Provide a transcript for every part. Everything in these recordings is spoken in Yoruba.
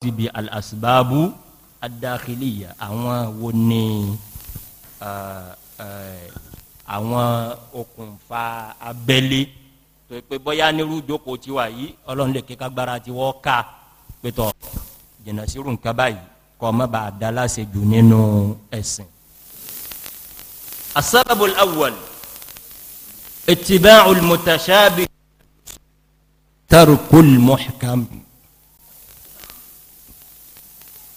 síbi al-asbabu ad-dakhiliya àwọn wo ni àwọn okùnfà abẹ́lé tó pé bóyá nírú ìjókòó tiwa yìí ọlọ́run lè kíkà gbára tí wọ́n ká pétọ́ jìnnà nǹkan báyìí kọ́ ọ má bàa dá láṣejù nínú ẹ̀sìn. السبب الأول اتباع المتشابه ترك المحكم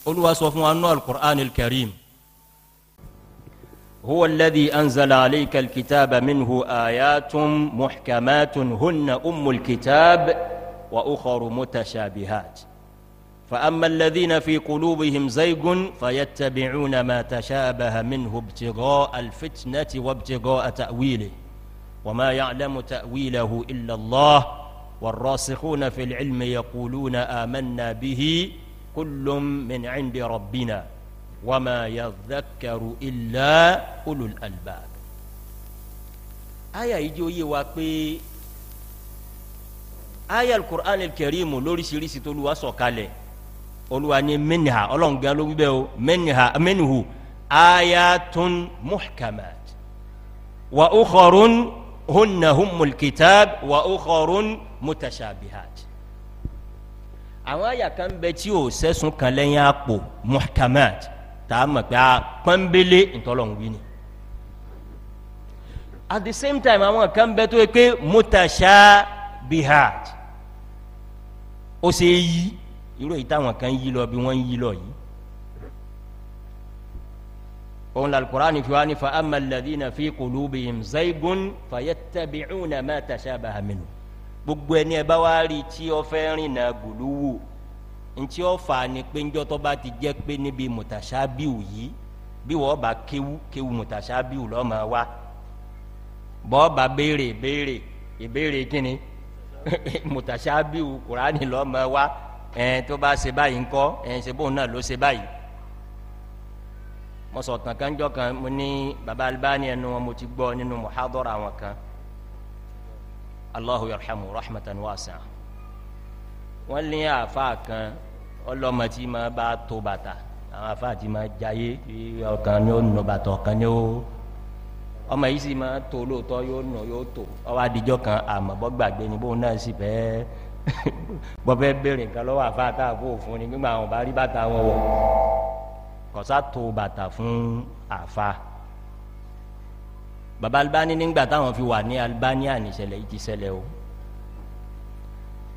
قل sọ أنه القرآن الكريم هو الذي أنزل عليك الكتاب منه آيات محكمات هن أم الكتاب وأخر متشابهات فأما الذين في قلوبهم زيغ فيتبعون ما تشابه منه ابتغاء الفتنة وابتغاء تأويله وما يعلم تأويله إلا الله والراسخون في العلم يقولون آمنا به كل من عند ربنا وما يذكر إلا أولو الألباب آية يجي آية القرآن الكريم لوري سيري ستولو وصوكالي أولواني منها أولون قالوا بيو منها منه آيات محكمات وأخر هن هم الكتاب وأخر متشابهات àwọn àyà kan bẹ tí ò sẹ́sùn kan lẹ́yìn àpò muhkamat tá a mọ̀ pé a pọ́nbélé ntọ́lọ́hún ni at the same time àwọn kan bẹ tó yẹ pé mutasha bihad ó ṣe é yí irú èyí táwọn kan yí lọ bí wọ́n yí lọ yìí òun la alukur'ani fi wá ní fa amaladi na fi kulubihim zaygun fayatabicuna ma tashabaha minhu gbogbo ẹni ẹ bá wá rí tí ọ fẹ́ rìn náà gùlúwù ntí ọ fà á ni pé ńjọ́ tó bá ti jẹ́ pé níbi mùtàṣábíù yìí bí wọ́n bá kéwu kéwu mùtàṣábíù lọ́ọ́ máa wá bọ́ọ̀ bá béèrè béèrè ìbéèrè kínni mùtàṣábíù kùránì lọ́ọ́ máa wá ẹn tó bá ṣe báyìí ńkọ́ ẹn ṣe bóun náà ló ṣe báyìí mo sọ tàn kánjọ́ kan mo ní baba Albani ẹnu wọn mo ti gbọ́ nínú muhadara àwọn kan. Allahu yarhamu rahmatan wasi'a wọ́n lé àáfàá kan ọlọ́mọ tí ma bá tó bàtà àwọn àáfàá tí ma jayé ọ̀kan ni ó nù bàtà ọ̀kan ni ó ọmọ yìí sì ma tó lóòótọ́ yóò nù yóò tó ọwọ́ adijọ́ kan àmọ́ bọ́ gbàgbé ni bóun náà sì fẹ́ẹ́ bọ́fẹ́ béèrè nǹkan lọ́wọ́ àfa àtàwọn òfin ni gbígbà àwọn bá rí bàtà wọn wọ̀ kọ́sá tó bàtà fún àfa baba Albani nígbà táwọn fi wà ní Albania nìṣẹ̀lẹ̀ yìí ti ṣẹlẹ̀ o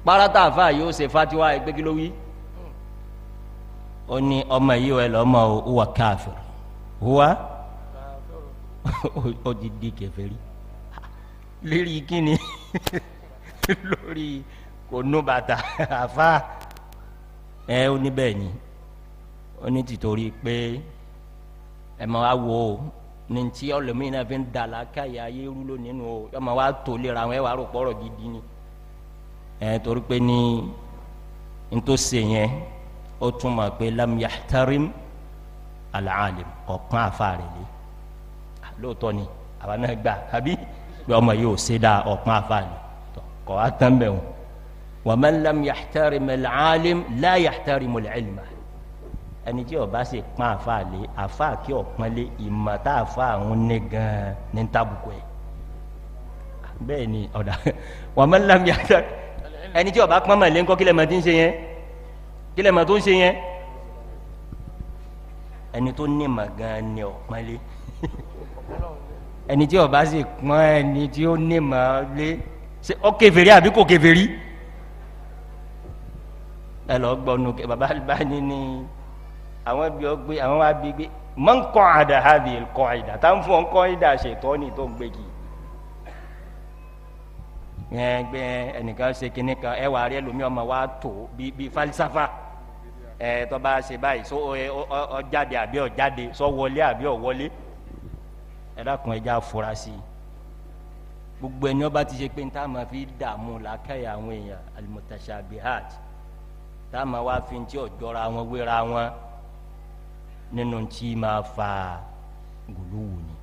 kparata afa yóò ṣe fatiwa ẹgbẹ́ kí ló wí ó ní ọmọ yìí wẹ̀ lọ́mọ o ó wà káfíìrì wá ó ti di kèfèrí lérí kíni lórí kò nú bàtà afa ẹ ó ní bẹ́ẹ̀ ni ó ní tìtorí pé ẹ máa wò ó ní ti ọlọmọdé náà fi ń da làákàyè ayé rúlò nínú o ọmọ wa tó lera àwọn ẹwà rògbò ọ̀rọ̀ gidi ni ẹ torí pé ní ntòsè yẹn ó túmọ̀ pé lam yahtarim al-alim kọ̀ọ̀kan àfàrẹ̀ lé lóòótọ́ ni àwa náà gbà àbí pé ọmọ yìí ò ṣe dá ọ̀kan àfàrẹ̀ kọ̀ wá tán bẹ̀ wọ́n wa man lam yahtarim al-alim ẹni tí ọba sì pọn àfa lé àfa kí ọpọn lé ìmọ̀ tá àfa àwọn ní gan ní tábùkù ẹ̀ bẹ́ẹ̀ ni ọ̀dà wọ́n máa ń lámì àtà ẹni tí ọba pọn mọ̀lẹ́ ńkọ́ kílẹ̀ mọ̀ tó ń ṣe yẹn kílẹ̀ mọ̀ tó ń ṣe yẹn ẹni tó ní mọ̀ gan ni ọpọn lé ẹni tí ọba sì pọn ẹni tí ó ní mọ̀ lé ṣe ọ kèfèrí àbí kò kèfèrí ẹ lọ gbọ́nu baba Albani ni. ni àwọn bí ọ gbé àwọn wá bí gbé mọ ń kọ àdá hábi kọ àdá tá ń fún ọ ń ṣètọ́ ni tó ń gbé kì í yẹn gbé ẹnìkan ṣe kinní kan ẹ wà á rí ẹlòmíì ọmọ wa tó bí falisafa ẹ tó bá ṣe báyìí so ọ jáde àbí ọ jáde sọ wọlé àbí ọ wọlé ẹ dákun ẹ já fura sí gbogbo ẹni ọba ti ṣe pé níta máa fi dààmú làákàyà àwọn èèyàn alimutashabihat tá a máa wá fi ti ọjọra wọn wéra wọn nínú tí máa fa gùlùwù ni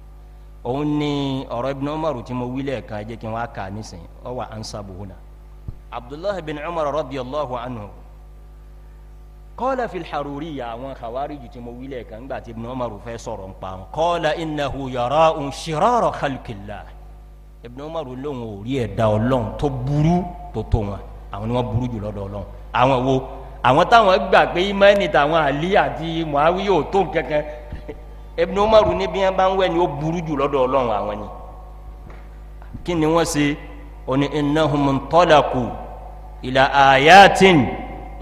òun ni ọ̀rọ̀ ibn umar tí mo wílẹ̀ kan jẹ́ kí n wá kà nísìnyí ọ wà ansabu huna abdullahi bin umar radiyallahu anhu kọ́lá fi haruri ya àwọn khawariji tí mo wílẹ̀ kan nígbà tí ibn umar fẹ́ sọ̀rọ̀ nípa wọn kọ́lá innahu yara'un shirara khalqillah ibn umar lóhùn òrí ẹ̀dá ọlọ́run tó burú tó tó wọn àwọn ni wọ́n burú jùlọ dọ̀ ọlọ́run àwọn wo àwọn táwọn gbà pé imẹ́ni tàwọn àlí àti muhawi yóò tó kankan Ibn Umar níbi yẹn bá ń wẹ̀ ni ó burú jù lọ́dọ̀ ọlọ́run àwọn ni kí ni wọ́n ṣe ó ní innahum ayatin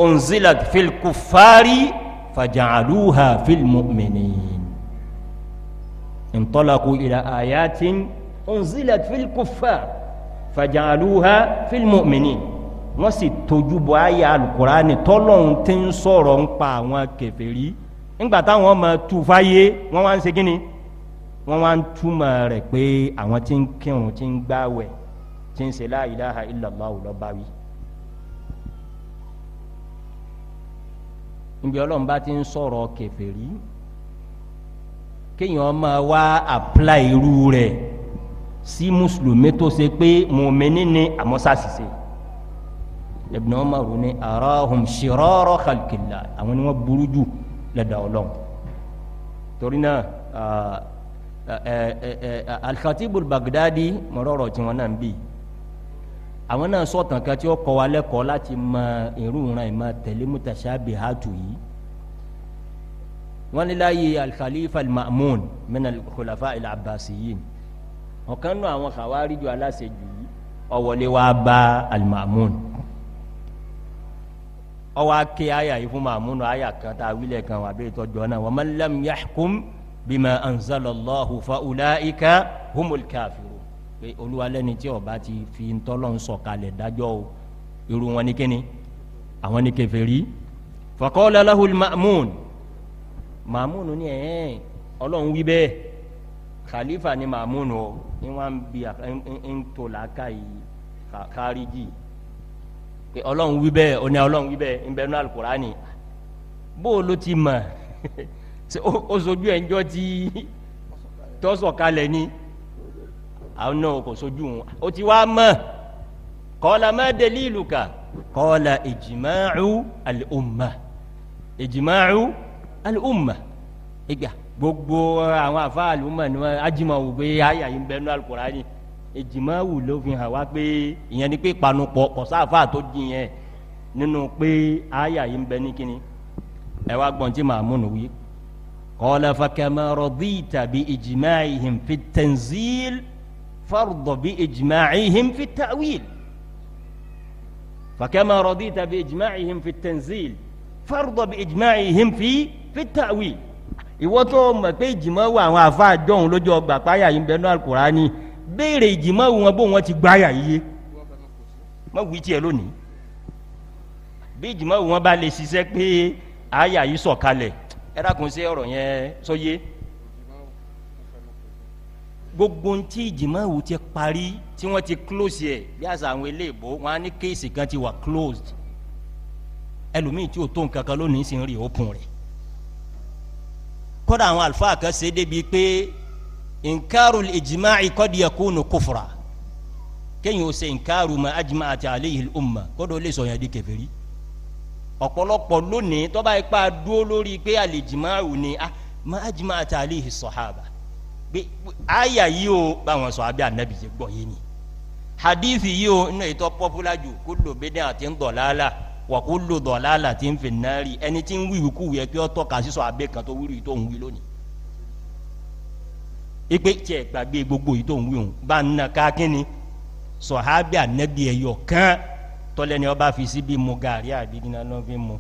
unzilat fil kuffari faja'aluha fil mu'minin intalaqu ila ayatin unzilat fil kuffari faja'aluha fil mu'minin wọ́n sì tójú bọ àyà alukurani tọ́lọ́hún ti ń sọ̀rọ̀ ń pa àwọn kèfèrí ńgbà táwọn ọmọ tu fáyé wọ́n wá ń ṣe kínni wọ́n wá ń túmọ̀ rẹ̀ pé àwọn ti ń kírun ti ń gbáwẹ̀ ti ń ṣe la ilaha illallah lọ́ba wí. níbi ọlọ́run bá ti ń sọ̀rọ̀ kèfèrí kéèyàn máa wá apply irú rẹ̀ sí mùsùlùmí tó ṣe pé mùmíní ni àmọ́ sàṣìṣe ibn umar ní arahum shirara khalqillah àwọn ni wọ́n burú jù lẹ́dà ọlọ́run torí náà alkhatibul baghdadi mọ̀rọ̀rọ̀ tí wọ́n náà ń bì àwọn náà sọ̀tàn kan tí ó kọ́ wa lẹ́kọ̀ọ́ láti mọ irú ìran ìmọ̀ tẹ̀lé mutashabihatu yìí wọ́n ní láyé alkhalifa al-ma'mun min al-khulafa al-abbasiyin ọ̀kan náà àwọn khawariju aláṣejù yìí ó wọlé wá al ọwọ́ ake aya yìí fún màmúnu aya kan tá a wílẹ̀ kan wà bẹ́ẹ̀ tọ́jú ọ̀nà wa man lam yahkum bima anzalallahu fa ulaika humul kafiru pé olúwa lẹ́ni tí ó bá ti fi ntọ́lọ́ sọ̀kalẹ̀ dájọ́ o irú wọn ni kíni àwọn ni kèfèrí fa qala lahul ni ẹ̀ẹ́n ọlọ́run wí bẹ́ẹ̀ khalifa ni ma'mun o ni wọ́n bi ń tò láàkà yìí Ka, pé ọlọ́run wí bẹ́ẹ̀ ó ní ọlọ́run wí bẹ́ẹ̀ ń bẹ́ẹ̀ nú alukurani bó o ló ti mọ̀ ó sojú ẹ̀ ń jọ́ tí tọ́sọ̀kalẹ̀ ni àwọn náà kò sojú wọn ó ti wá mọ̀ kọ́lá má délé ìlú kà kọ́lá ìjìmáàrú àlùmà ìjìmáàrú àlùmà ìgbà gbogbo àwọn àfa àlùmà ni wọn ajímọ̀ wò pé àyà ń bẹ́ẹ̀ nú alukurani. ìjìmáwù ló fi hàn wá pé ìyẹn ni pé panu pọ kọ̀sáfà tó jiyàn nínú pé àyà yìí ń bẹ ní kíni ẹ wá gbọ́n tí màá múnu wí. قال فكما رضيت بإجماعهم في التنزيل فارض بإجماعهم في التأويل فكما رضيت بإجماعهم في التنزيل فارض بإجماعهم في في التأويل ìwọ́n tó mọ̀ pé ìjìmọ̀ àwọn àfa àjọhùn lójú ọgbà páyà yìí ń bẹ béèrè ìjìmọ̀ wọn bó wọn ti gbáyà yíyé mọ̀ wí tiẹ̀ lónìí bí ìjìmọ̀ wọn bá lè ṣiṣẹ́ pé àyà yìí sọ̀kalẹ̀ ẹ dákun sí ọ̀rọ̀ yẹn sọyé gbogbo ntí ìjìmọ̀ wò ti parí tí wọ́n ti close yẹ bí àṣà àwọn eléèbó wọn á ní kéèsì kan ti wà closed ẹlòmíì tí o tó nǹkan kan lónìí sì ń rí òkun rẹ̀ kódà àwọn àlùfáà kan ṣe débi pé inkaru ijimaaci kọ́di yakunu kufra kéyìn ó ṣe inkaru ma ajima àti aleyhi umma kódò lè sọ yẹn di kèfèrí ọ̀pọ̀lọpọ̀ lónìí tọ́ba ipa dúró lórí pé alìjimaaru ni a ma ajima àti aleyhi sọ̀hábà pé àyà yìí o báwọn sọ abẹ́ anabi yìí gbọ́ yé ni hadithi yìí o inú ètò popular ju kúlò bídẹ́ àti ń dọ̀làlà wà kúlò dọ̀làlà ti ń fi náírì ẹni tí ń wíwìkúwì ẹ pé ọ tọ́ka sísọ abẹ́ kan tó wíwì tó ń wí lónìí ipe tí ẹ gbàgbé gbogbo yìí tó ń wí òun bá ń na ká kínni sọ̀hábì ànẹ́bí ẹ̀yọ̀ kan tọ́lẹ̀ ni ọba fi síbi mo gàrí àbí gíná ló fi mu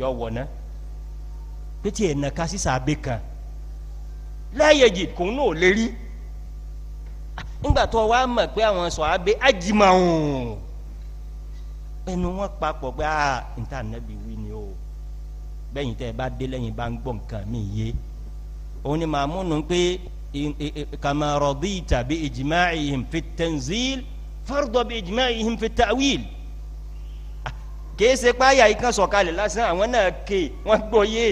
yọ wọ̀ ná pé tí ẹ na ká sísà abẹ́ kan láyẹ̀jì kò ń náà lérí nígbà tó wàá mọ̀ pé àwọn sọ̀hábì ajímọ̀ ẹnu wọn papọ̀ pé ah níta ànẹ́bí wí ni o bẹ́yìn tẹ́ ẹ bá dé lẹ́yìn bá ń gbọ́ nǹkan mi yé òun ni màmúnú pé كما رضيت بإجماعهم في التنزيل tanzil بإجماعهم في التأويل. fi ta'wil kìí ṣe páyà yìí kan sọ̀kalẹ̀ lásán àwọn náà ké wọ́n gbọ́ yé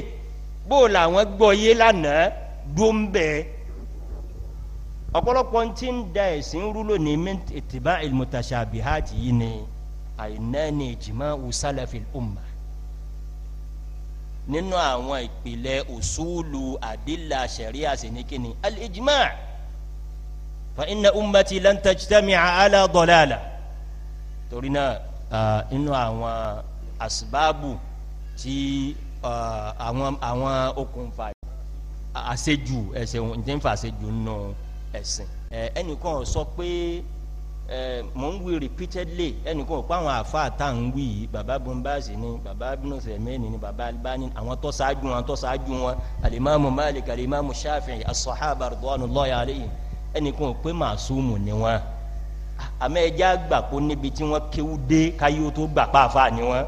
bó làwọn gbọ́ yé lánàá dó ń bẹ́ẹ̀ ọ̀pọ̀lọpọ̀ ń da ẹ̀sìn rú lónìí min ittiba al mutashabihati yìí ni àìnáni ijma'u salafil umma nínú àwọn ìpìlẹ̀ òṣùlù àdìlà sẹ̀ríà sì ní kíni alìjìmá fa inna ummati lan tajtami'a ala dalala torí náà nínú àwọn asibaabu tí àwọn àwọn okùnfà àṣejù ẹ̀sìn ǹjẹ́ ń àṣejù nù ẹ̀sìn ẹnìkan sọ pé ẹ ń wí repeatedly ẹnìkan pa àwọn àfa àtà ń wí yìí baba bombaasi ni baba binusremeni ni baba albani àwọn tó ṣáájú wọn tó ṣáájú wọn alimami malik alimami shafi'i asahaba ridwanullahi alayhim ẹnìkan pé màsúmù ni wọn àmọ́ ẹja gbà kó níbi tí wọn kéwú dé káyé tó gbà pa àfa ni wọn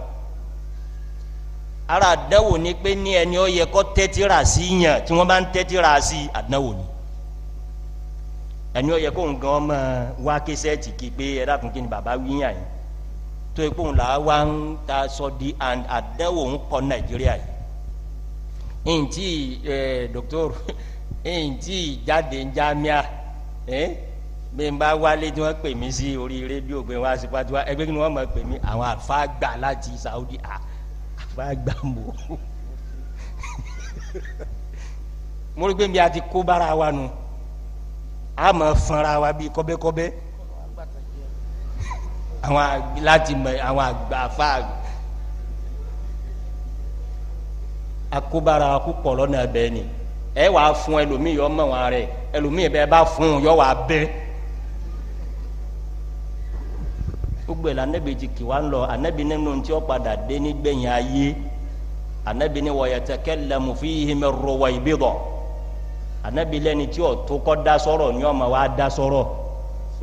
ara àdánwò ni pé ní ẹni ó yẹ kó tẹ́tíra sí yàn tí wọ́n bá ń tẹ́tíra sí àdánwò ni ẹni ọ̀yẹ́ kóun gan ọmọ wá késẹ́ẹ̀tì kí pé ẹ dákun kí ni bàbá wíyàn yìí tó ipò ńlá wá ń ta sọ di àdánwò ń kọ nàìjíríà yìí ntí ẹ dọkítọrù ntí jáde njamia ẹ bí n bá wálé tí wọn pè mí sí orí rédíò gbé wá sí pàtó ẹgbẹ́ kí ni wọ́n mọ̀ pè mí àwọn àfáàgbà láti Saudi àfáàgbà mò mo rí pé mi àti kó bára wa nù. No a máa fúnra wa bíi kọ́bẹ́kọ́bẹ́ àwọn láti mọ àwọn àgbàfà akóbára púpọ̀ lọ́nà bẹ́ẹ̀ ni fún ẹlòmíì yọ mọ̀ rẹ ẹlòmíì bẹ́ẹ̀ bá fún un yọ wàá gbogbo la ti ń anabi padà dé ayé anabi mi anabi lẹni tí o tó kọ́ da sọ̀rọ̀ ni ọmọ wa da sọ̀rọ̀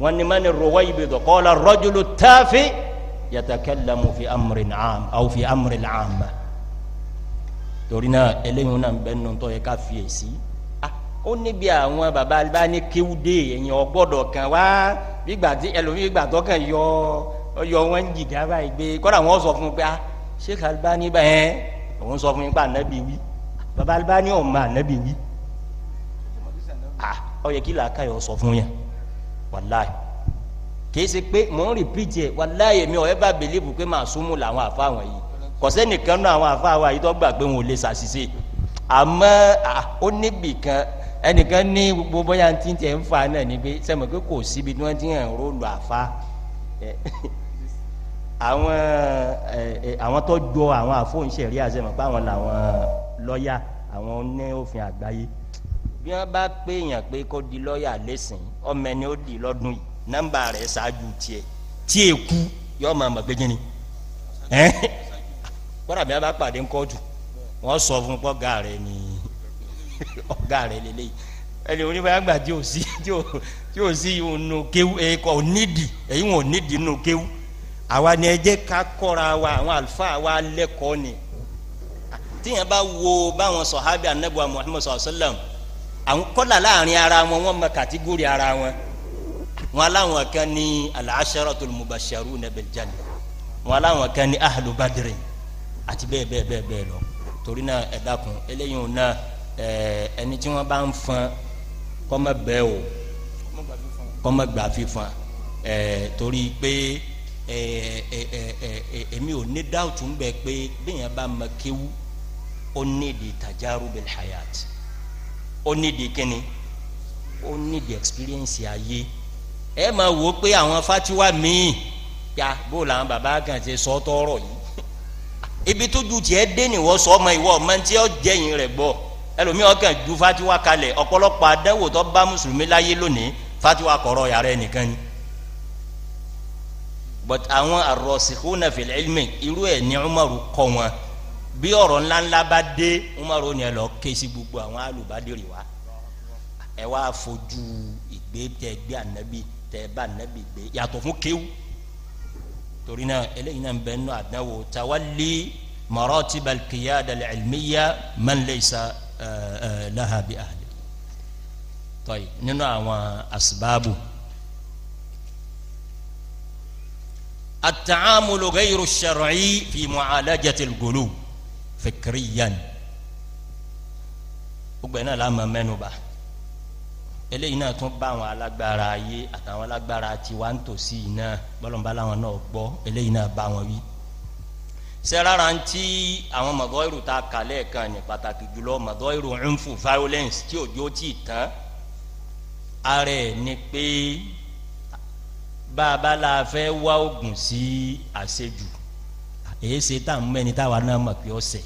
wọn ni mani rọwọ́ yìí bi dọ̀ kọ́la rọ́júlù tààfi yatakallamu fi amri naam aw fi amri naama torí náà eléyìí náà bẹ́ẹ̀ nù tọ́ yẹ ká fi èsì ah, ó níbi àwọn baba bá ní kéwúdé ẹ̀yìn ọgbọ́dọ̀ kan wá gbígbà tí ẹlòmíì gbà tó kàn yọ yọ wọn ń jìgá báyìí gbé kọ́dà wọn sọ fún un pé ah Sheikh òun sọ fún yín pé ànábì wí baba Albani ò mọ ànábì wí ah ó yẹ kí làákàyọ̀ sọ fún yẹn wàláì kìí ṣe pé mò ń rìpíìtì ẹ̀ wàláì èmi ọ̀rẹ́ bá bèlíìfù pé màá súnmù làwọn àfa àwọn yìí kọ̀sẹ́ nìkan náà àwọn àfa àwọn yìí tó gbà pé wọn ò lè ṣàṣìṣe àmọ́ ó níbì kan ẹnìkan ní gbogbo bóyá tí ń tiẹ̀ ń fa náà ni pé sẹ́mi pé kò síbi tí wọ́n ti hàn róòlù àfa àwọn àwọn tó jọ àwọn àfóúnṣẹ̀rí àṣẹmọ̀ pé àwọn làwọn lọ́ọ̀yà àwọn oníhòfin àgbáyé bí wọn bá pé èèyàn pé kó di lọ́ọ̀yà lẹ́sìn ọmọ ẹni ó di lọ́dún yìí nọ́mbà rẹ̀ ṣáájú tiẹ̀ tí èkú yọ ọmọ àmọ̀ gbẹ́jẹ́ ni kọ́ra bí wọn bá pàdé ńkọ́jù wọ́n sọ fún pọ́ ọ̀gá rẹ̀ ni ọ̀gá rẹ̀ lélẹ́yìí ẹni tí o sí tí o sí kéwú kéwú àwa ni ẹ jẹ́ ká kọ́ra wa àwọn àlùfáà wa ni àwọn kọ́là láàrin ara wọn wọ́n mọ kàtígórì ara wọn wọn aláwọn kan ní al-asharatul mubashsharuna bil janna wọn aláwọn kan ní ahlu badri àti bẹ́ẹ̀ bẹ́ẹ̀ bẹ́ẹ̀ bẹ́ẹ̀ lọ torí náà ẹ dákun eléyìí ò náà ẹni tí wọ́n bá ń fọn kọ́mọ bẹ́ẹ̀ o kọ́mọ gbà fífọn torí pé èmi ò ní dáùtù ń bẹ pé bẹ́ẹ̀ yẹn bá mọ kéwú ó ní ìdí tajarubil hayat ó nídìí kíni ó nídìí experience ayé ẹ máa wò ó pé àwọn fatiwa míì ya bó làwọn baba kan ṣe sọ tọrọ yìí ibi tójú tiẹ̀ dé ni wọ́n sọ ọmọ ìwọ ọmọ tí ó jẹyìn rẹ̀ gbọ́ ẹlòmíràn kan ju fatiwa kalẹ̀ ọ̀pọ̀lọpọ̀ àdánwò tó bá mùsùlùmí láyé lónìí fatiwa kọ̀rọ̀ yàrá ẹnìkan ni but àwọn arọ̀sìkúnà fil ilmi irú ẹ̀ ní Umaru kọ́ wọn bí ọ̀rọ̀ ńláńlá bá dé umaru ni ẹ lọ ké sí gbogbo àwọn alùbádìrì wa ẹ wá fojú ìgbé tẹ gbé ànábì tẹ bá ànábì gbé yàtọ̀ fún kéwù torí náà eléyìí náà ń bẹ nínú àdánwò tawalli maratib al-qiyada al-ilmiya man laysa laha bi ahli tọ́yì nínú àwọn asibaabu. التعامل غير الشرعي في معالجة القلوب fikiriyan gbogbo ẹ̀ la mọ̀ mẹ́nuba eléyìí náà tún bá àwọn alágbára ayé àtàwọn alágbára tiwa ń tòsí yìí náà bọ́lọ̀nba làwọn náà gbọ́ eléyìí náà bá wọn wí. sẹ́rára ń tí àwọn mọ̀gọ́ irú ta kàlẹ́ kan ní pàtàkì jùlọ mọ̀gọ́ irú ńfù violence tí òjò tí tán ara ni pé bàbá la fẹ́ wá oògùn sí àṣejù èyí ṣe tá à ń mẹ́ni táwa náà mọ̀ pé ọ̀sẹ̀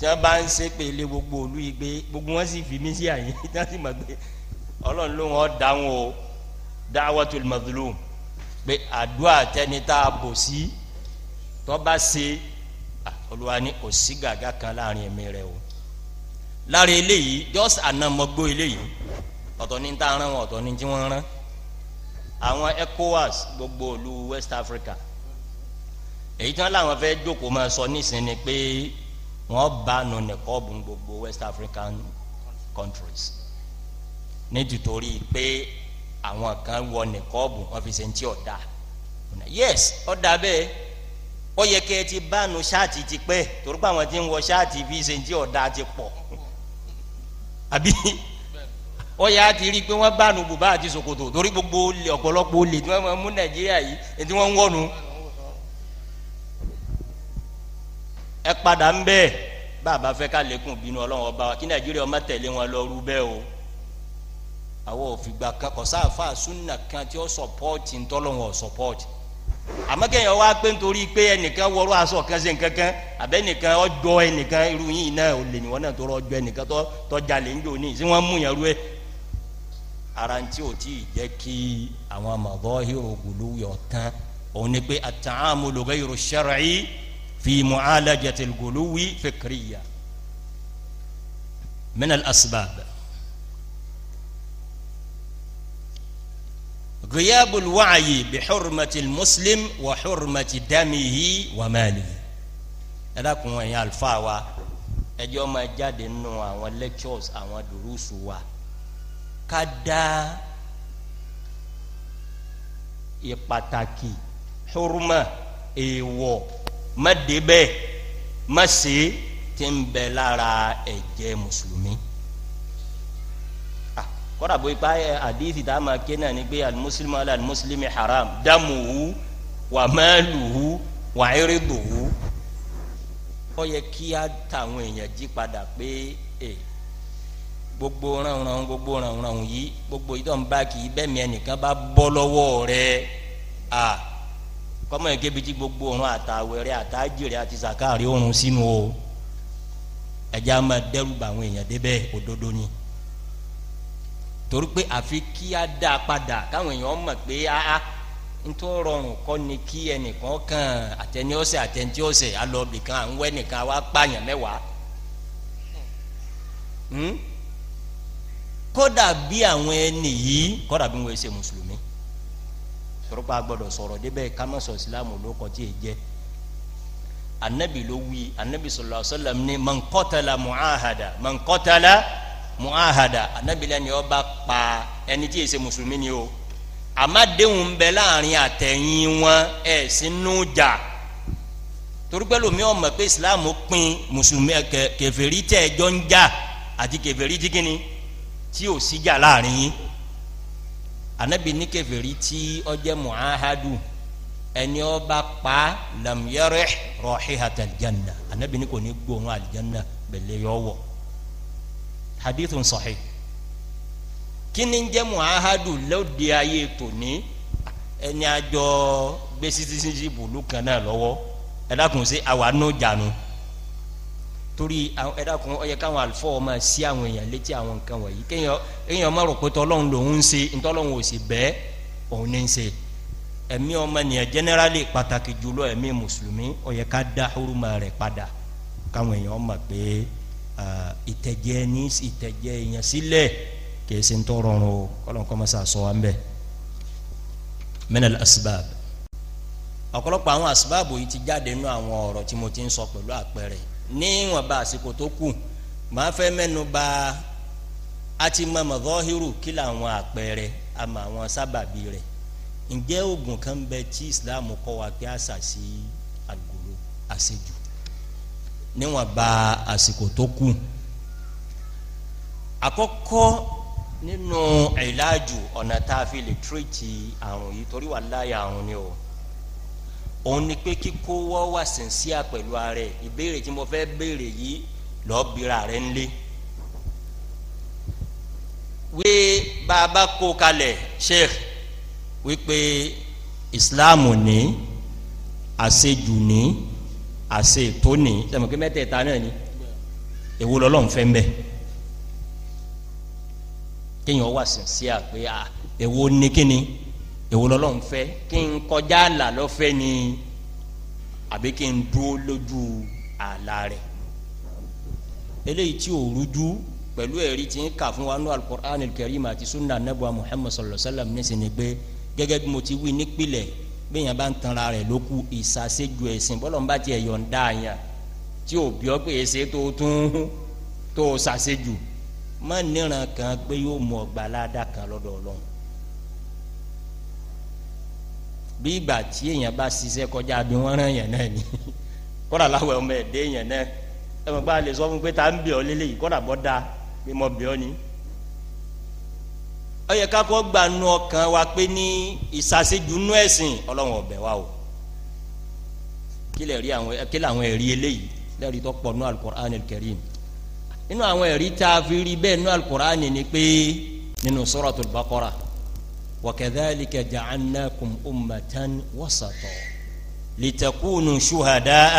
tí wọ́n bá ń ṣe pé ilé gbogbo òlu yìí gbé gbogbo wọn sì fi mí sí àyè tí wọ́n sì mọ̀ pé ọlọ́run ló wọn dá wọn o da'watul mazlum pé àdúrà tẹni tá a bò sí tó bá ṣe olúwa ni kò sí gàgà kan láàrin ẹ̀mí rẹ o lára eléyìí just ànàmọ́gbó eléyìí ọ̀tọ̀ ní tá a rán wọn ọ̀tọ̀ ní tí wọ́n rán àwọn ECOWAS gbogbo òlu West Africa èyí tí wọ́n láwọn fẹ́ jókòó máa sọ nísìnyí ni pé wọ́n bá nu nìkọ́ọ̀bù gbogbo west african countries nítorí pé àwọn kan wọ nìkọ́ọ̀bù wọ́n fi ṣe ń tí ọ̀dà yes ọ̀dà bẹ́ẹ̀ ó yẹ kẹ́ ẹ ti bá nu ṣáàtì ti pẹ́ torí pé àwọn tí ń wọ ṣáàtì fi ṣe ń tí ọ̀dà ti pọ̀ àbí ó yà á ti rí i pé wọ́n bá bùbá àti ṣòkòtò torí gbogbo ọ̀pọ̀lọpọ̀ olè tí wọ́n mú nàìjíríà yìí tí wọ́n ń wọ́nu. ẹ padà ń bẹ́ẹ̀ bàbá fẹ́ ká lékún bínú ọba wa kí nàìjíríà ọmọ wọn lọ rú o àwọn òfìgbà kan kan tí o tí ì jẹ́ kí àwọn yọ̀ tán òun ni pé yòrò ṣẹ́ra yìí في معالجة الغلو فكريا من الأسباب غياب الوعي بحرمة المسلم وحرمة دمه وماله هذا يا الفاوى اليوم جاد النوى والليتشوز او دروسوا كدا يباتاكي حرمة ايوو má débẹ̀ má ṣe tí ń bẹ lára ẹ̀jẹ̀ mùsùlùmí ah, kódà bóyá ipa àdìsí tá a máa ké náà ni pé alimusilimu ala alimusilimi haram damuhu wa maluhu wa iriduhu ó yẹ kí a tàwọn èèyàn jí padà pé e gbogbo ránran gbogbo ránran yìí gbogbo yìí tó ń bá kì í bẹ́ẹ̀ mi ẹnìkan bá bọ́ lọ́wọ́ rẹ̀ a. Ah kọ́mọ ìkébi tí gbogbo òrùn àtàwẹ̀rẹ̀ àtàjèrè àti sàkáàrí òrùn sínú o ẹ̀já máa dẹ́rù bá àwọn èèyàn débẹ̀ òdodo ni torí pé àfi kí á dá a padà káwọn èèyàn mọ̀ pé áá ntọ́ rọrùn kọ́ ni kí ẹnìkan kàn àtẹni ọ̀sẹ̀ àtẹntí ọ̀sẹ̀ alọ́bì kan à ń wẹ́ pààyàn mẹ́wàá hmm? kódà bí àwọn ẹni yìí kódà bí wọ́n ṣe mùsùlùmí torípa gbọ́dọ̀ sọ̀rọ̀ débẹ̀ ká má sọ ìsìlámù ló kọ tí ì jẹ́ anabi ló wí anabi sọlọ sọlọ ní mankọtala muahada mankọtala muahada anabi lẹni ọba pa ẹni tí èsè mùsùlùmí ni o amadéhùn ń bẹ láàrin àtẹ̀yìn wọn ẹ̀ sínú jà torípẹ́ lomi ọmọ pé islam pin mùsùlùmí kẹfẹ́rí tẹ̀ ẹjọ́ ń jà àti kẹfẹ́rí jíkínni tí ò sí jà láàrin yín anabi ní kèfèrí tí ó jẹ́ muahadu ẹni ó bá pa lam yarih rahihatal janna anabi ní kò ní gbóhùn alijanna bẹlẹ yọ wọ hadithun sahih kíni ń jẹ́ muahadu lóde ayé tòní ẹni àjọ gbèsè sísìn sí bùlù kan náà lọ́wọ́ ẹ dákun No torí ẹ̀dàkùn ọ̀yẹ káwọn àlùfọ́ ọmọ sí àwọn èèyàn létí àwọn nǹkan wọ̀nyí kéèyàn kéèyàn má rò pé tọ́lọ́hún lòún ń ṣe ntọ́lọ́hún ò sì bẹ́ẹ̀ òun ní ń ṣe ẹ̀mí ọmọnìyàn generally pàtàkì jùlọ ẹ̀mí mùsùlùmí ọ̀yẹ ká dá huruma rẹ̀ padà káwọn èèyàn mọ̀ pé ìtẹ̀jẹ ní ìtẹ̀jẹ èèyàn sílẹ̀ kìí ṣe ń tọ́ rọrùn o kọ́lọ́n kọ́ mọ́sá sọ wa ń bẹ̀ minal asbab ọ̀pọ̀lọpọ̀ àwọn asbab yìí ti jáde nínú àwọn ọ̀rọ̀ tí mo ti ń sọ pẹ̀lú àpẹẹrẹ níwọ̀nba àsìkò tó kù màá fẹ́ mẹ́nu a ti mama kí làwọn àpẹẹrẹ àmọ́ àwọn sábàbí rẹ̀ ǹjẹ́ oògùn kan bẹ tí Islam kọ́ wa pé àṣà sí àgòrò àṣejù níwọ̀nba àsìkò tó kù àkọ́kọ́ nínú ìlàjù ọ̀nà tá a fi lè tírètì àrùn yìí torí ni o. òun ni pé kíkó wọ́ wà sẹ̀nsíà pẹ̀lú ààrẹ ìbéèrè tí mo fẹ́ béèrè yìí lọ́ọ́ bira rẹ ńlé wí bàbá kó kalẹ̀ sheikh wípé islam ní àṣejù ní àṣe ní sẹ́mi kí mẹ́tẹ̀ẹ̀ta náà ni èwo lọ́lọ́run fẹ́ mbẹ́ kéèyàn wà sẹ̀nsíà pé èwo ní kíni èwo lọ́lọ́run fẹ́ kí n kọjá àlà lọ́fẹ́ ni àbí kí n dúró lójú àlà rẹ̀ eléyìí tí ò rújú pẹ̀lú ẹ̀rí tí ń kà fún wa nínú alukur'an kẹrìm àti sunna anabu muhammad sallallahu alayhi wa sallam ní sinmi pé gẹ́gẹ́ bí mo ti wí nípìlẹ̀ bẹ́ẹ̀ yẹn bá ń tanra rẹ̀ lóku ìsàsẹ́jù ẹ̀sìn bọ́lọ̀ ń bá tiẹ̀ yọ̀ǹda yẹn tí ò bí ọ pé èsè e tó tún tó sàsẹ́jù má níran kan pé yóò mú ọgbà ládàá kan lọ́dọ̀ ọlọ́run bí ìgbà tí èèyàn bá ṣiṣẹ́ kọjá bí wọ́n rán èèyàn náà ni kọ́ra láwọ̀ ọmọ ẹ̀dẹ́ èèyàn náà ẹ̀mọ gbá lè sọ fún pé ta ń bẹ̀ ọ́ lélẹ́yìí kọ́ra bọ́ da pé mo bẹ̀ ọ́ ni. ó yẹ ká kọ́ gbanu ọkàn wa pé ní ìsàsíjú nú ẹ̀sìn ọlọ́run ọ̀bẹ wa o kí làwọn ẹ̀rí eléyìí lẹ́rìí tó pọ̀ nú alukur'an kẹrin nínú àwọn ẹ̀rí tá a fi rí bẹ́ẹ̀ nú alukur'an ni pé nínú suratul baqara وكذلك جعلناكم أمة وسطا لتكونوا شهداء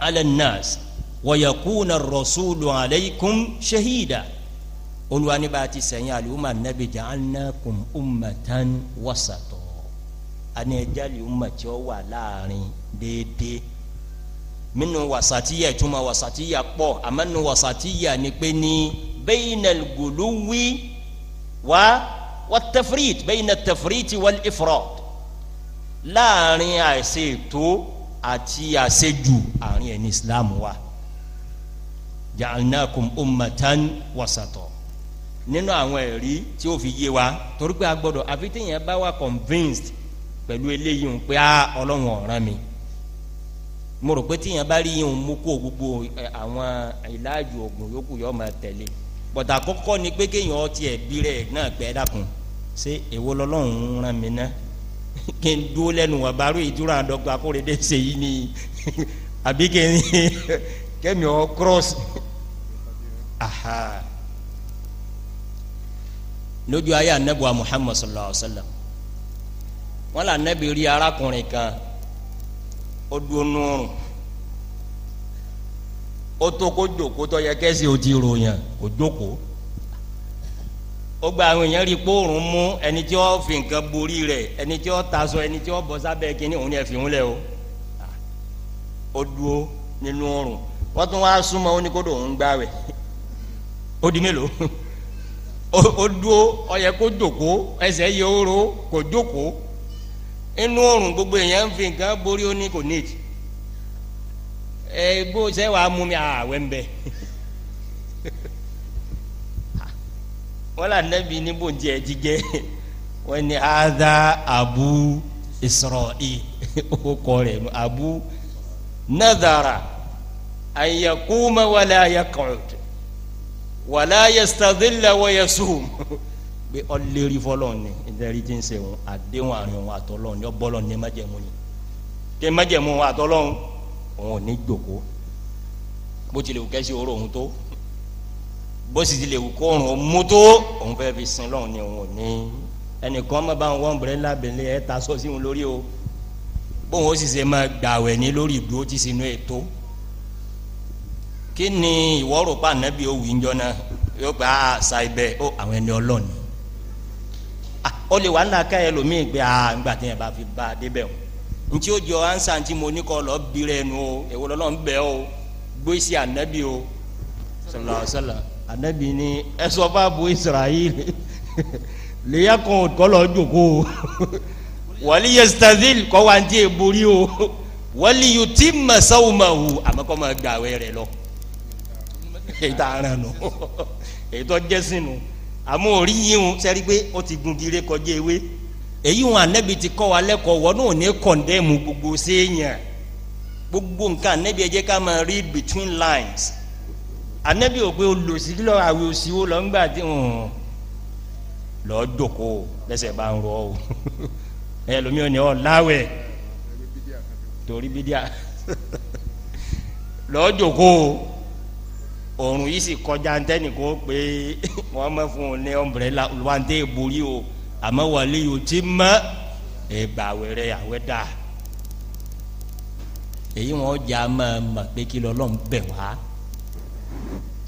على الناس ويكون الرسول عليكم شهيدا olùwà ní bá a ti sẹ̀yìn àlùmà nàbì jàǹnàkùn ummatan wasatọ̀ àní ẹja àlùmà tí ó wà láàrin déédéé minnu wasatiya ìtumọ̀ wasatiya pọ̀ àmọ́ nu wasatiya ni pé ní bainal guluwi wa. والتفريط بين التفريط والإفراط لا àìṣètò àti àṣejù àárín ẹni Islam wa ja'alnakum ummatan wasatọ nínú àwọn ẹ̀rí tí ó fi yé wa torí pé a gbọ́dọ̀ àfi téèyàn bá wà convinced pẹ̀lú eléyìí ń pé á ọlọ́run ọ̀ràn mi mo rò pé téèyàn bá rí yín mú kó gbogbo àwọn ìlàjù oògùn yòókù yóò máa tẹ̀lé bọ̀dà àkọ́kọ́ ni pé kéèyàn ọtí ẹ̀ rẹ̀ náà pẹ́ dákun se èwo lọ́lọ́run ràn mí ná kí n dúró lẹ́nu wà bárò ìdúró àdọ́gba kórèdè ṣe yìí ni àbí kí n kẹ́mi ọ cross aha lójú ayé anabuwa Muhammad sallallahu alaihi wa sallam wọn là anabi rí arákùnrin kan ó dúró nùrùn ó tó kó jòkó tó yẹ kẹ́sì ó ti ròyìn kó jókòó. ó gba àwọn èèyàn rí i pé òórùn mú ẹni tí ó fi nǹkan borí rẹ ẹni tí ó taṣọ ẹni tí ó bọ sábẹ́ kínní òun ni ẹ fi ń o ó dúró nínú ọrùn wọn tún wá súnmọ́ ó ní kó dòun gbá o. ó di mélòó ó dúró ó yẹ kó dòkó ẹsẹ gbogbo èèyàn ń fi nǹkan borí ó ní kò ẹ bó wàá mú wọn là nẹbi ní bòńjẹ jíjẹ wọn ni ada abu israel o kọ rẹ abu nadara ayakuma wala yakọd wala yastadilla wayasum gbé ọlẹ́rìí fọlọ́ ni ìdarí ti ń ṣe wọn àdéhùn àrùn wọn àtọ́lọ́ ni ọbọ́lọ́ ni ẹ má jẹ̀mú ni kí ẹ má jẹ̀mú wọn àtọ́lọ́ wọn ò ní jòkó bó tilẹ̀ òkẹ́sì oró òun tó bó sì ti lè kó òrùn mọ́tò òun fẹ́ fi sin lọ́hùn ni òun ò ní ẹnìkan má bá ń wọ́n bẹ̀rẹ̀ lábẹ́lẹ́ ẹ̀ ta sọ sí òun lórí o bóun ó sì ṣe máa gbàwẹ̀ ní lórí ìdúró tí sinú ètò kí ni ìwọ́rò pa ànábì owó ìjọ náà yóò gba ah, àṣà ibẹ̀ ó àwọn ẹni ọlọ́ọ̀ni ah, ó lè wà nílá káyọ̀ lómìn gbé a ah, ńgbà tí yẹn bá fi bá a débẹ̀ o ntí ó jọ ansa ntí mo ní kọ́ lọ bí rẹ̀ nu o èwo lọ́nà ń bẹ̀ o gbé sí o sallallahu alaihi anabi ni ẹsọ fáàbù israẹli lèyàkùn kọlọ jòkó wali yestazil kọ wá ntí eborí o wàlí yutí masawumahu àmọkọ ma gba àwẹ̀ rẹ̀ lọ ètò ara nù ètò jẹsìnù àmọ́ orí yín o sẹrí pé ó ti gun gire kọjá ewé èyí wọn anabi ti kọ́ wa lẹ́kọ̀ọ́ wọn náà ní kọndẹmù gbogbo séèyàn gbogbo nǹkan anabi ẹ jẹ́ ká máa read between lines anabi ò pé olùsí lọ àwẹ òsì wo lọ ń gbà tí lọ jòkó lẹsẹ bá ń rọ o ẹlòmíràn ni ọ láwẹ torí bídíà lọ jòkó òrùn yìí sì kọjá ntẹnìkó pé wọn mọ fún un ní ọmbrẹla wàǹtẹ borí o àmọ́ wàlẹ yóò ti mọ ẹgbà wẹrẹ àwẹ dáa èyí wọn jà máa mọ pé kí lọlọ́run bẹ̀ wá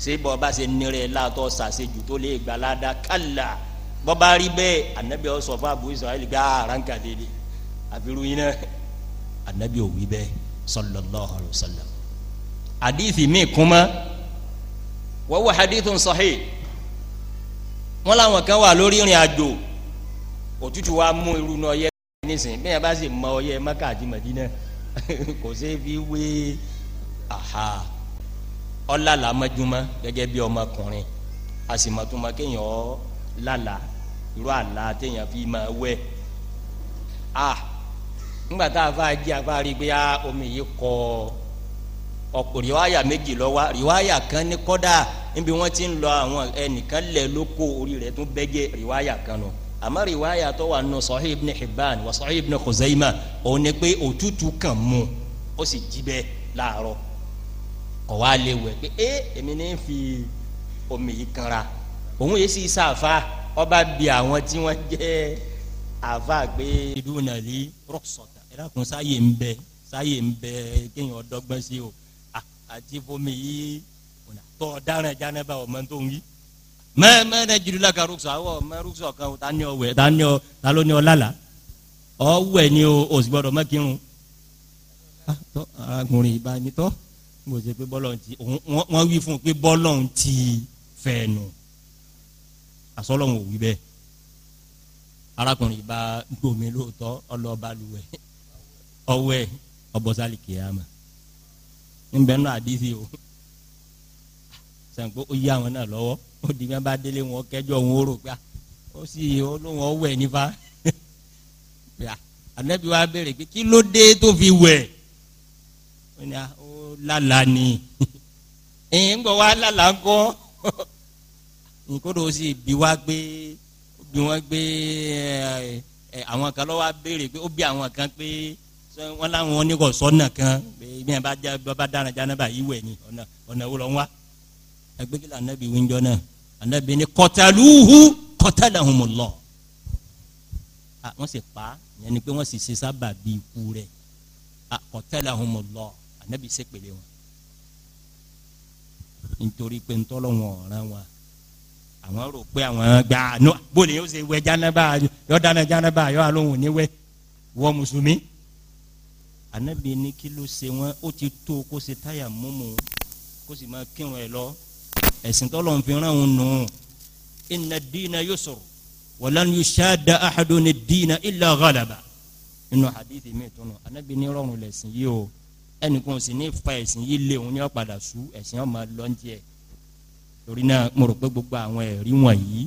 ṣé bọ́ bá ṣe nírẹ̀ látọ̀ ṣàṣejù tó lè gbà ládàá kálá bọ́ bá rí bẹ́ẹ̀ ànábì ọ Abu Israel gbá ah, àràǹkà dédé àbírú yín náà ànábì ò wí bẹ́ẹ̀ sallallahu alaihi wasallam hadithi mi kuma wa hadithu hadithun sahih wọn làwọn kan wà lórí ìrìn àjò òtútù wa mú irú náà yẹ nísìnyí bẹ́ẹ̀ bá sì mọ ọyẹ Mẹ́kà àti Mẹdínà kò sí fi wé aha. ọlàlà mẹjúmọ́ gẹ́gẹ́ bi ọmọkùnrin àsìmọtúmọ kéèyàn ọ irú àlà téèyàn fi máa a ńgbà tá a fa jí a omi yìí kọ ọ̀pọ̀ méjì riwaya kan ní kọ́dà níbi ti ń lọ àwọn ẹnìkan lẹ̀ lóko orí rẹ̀ tún kan nù àmọ́ rìwáyà tó wà nù ibn Hibban wà ibn òun ni pé kọ̀ wá lé wẹ̀ pé ẹ èmi ní fi omi yìí kanra òun yìí sì sàfà ọba bi àwọn tí wọ́n jẹ́ àfà pé ìlú nàlí rọ̀sọ̀tà ẹ̀rọ kún sáyè ń bẹ sáyè ń bẹ kéèyàn dọ́gbọ́n sí o àti fomi yìí tọ́ ọ̀daràn jánẹ́bà ọmọ tó ń yí mẹ́ẹ̀mẹ́ rẹ̀ jùlọ ka rúksọ̀ awọ mẹ́ rúksọ̀ kan o ta ni ọ wẹ̀ ta ni ọ ta ló ni ọ lálà ọ ni o o sì gbọdọ̀ mẹ́kirun. akùnrin ìbánitọ́ mo ṣe pé bọ́lọ̀ ti wọ́n wí fún un pé bọ́lọ̀ ti fẹ́ nù àsọlọ́hún ò wí bẹ́ẹ̀ arákùnrin bá gbòmí lóòótọ́ ọlọ́ọ̀bá luwẹ̀ ọwẹ́ ọbọ̀sálì kìyàmà ńbẹ náà àdìsí o sàǹkó ó yí àwọn náà lọ́wọ́ ó di mẹ́ta bá délé wọn kẹjọ wọn ó rò pé ó sì olóhùn ọwẹ́ nípa ànábì wa béèrè pé kí ló dé tó fi wẹ̀ lálà ni ẹ̀yìn ń gbọ́ wá lálà gọ́ nkóró sì bí wá gbé bí wọ́n gbé àwọn kan lọ́wọ́ béèrè pé ó bí àwọn kan pé wọ́n láwọn oníkọ̀ sọ́nà kan bí wọ́n bá já bá dára jáná báyìí wẹ̀ ni ọ̀nà ọ̀nà wo lọ ń wá agbẹ́kẹ̀lẹ́ anabi wíńjọ́ náà anabi ni kọ́tàlúhu kọ́tàlàhùnmùlọ́ wọ́n sì pa ìyẹn ni pé wọ́n sì ṣe sábà bí ikú rẹ̀ kọ́tàlàhùnmùlọ́ ah, anabi sépèlé wọn nítorí pé ntọ́lọ́ wọn ọ̀ràn wọn àwọn rò pé àwọn gbà nù bóni yóò ṣe wẹ jánaba yọ dáná jánaba yọ alóhùn níwẹ wọ mùsùlùmí anabi ní kí ló ṣe wọn ó ti tó kó ṣe táyà múmu kó sì máa kírun ẹ lọ ẹ̀sìn tọ́lọ̀ ń fi ràn wọn nù inna diina yusur walan yushadda ahadun ad-diina illa ghalaba inú hadithi mi tunu anabi ní rọrùn lẹ̀sìn yìí o ẹnìkan sì ní fa ẹ̀sìn yìí lé òun ní ọ̀padà sú ẹ̀sìn ọmọ lọ́njẹ́ torí náà mo rò pé gbogbo àwọn ẹ̀rí wọ̀nyí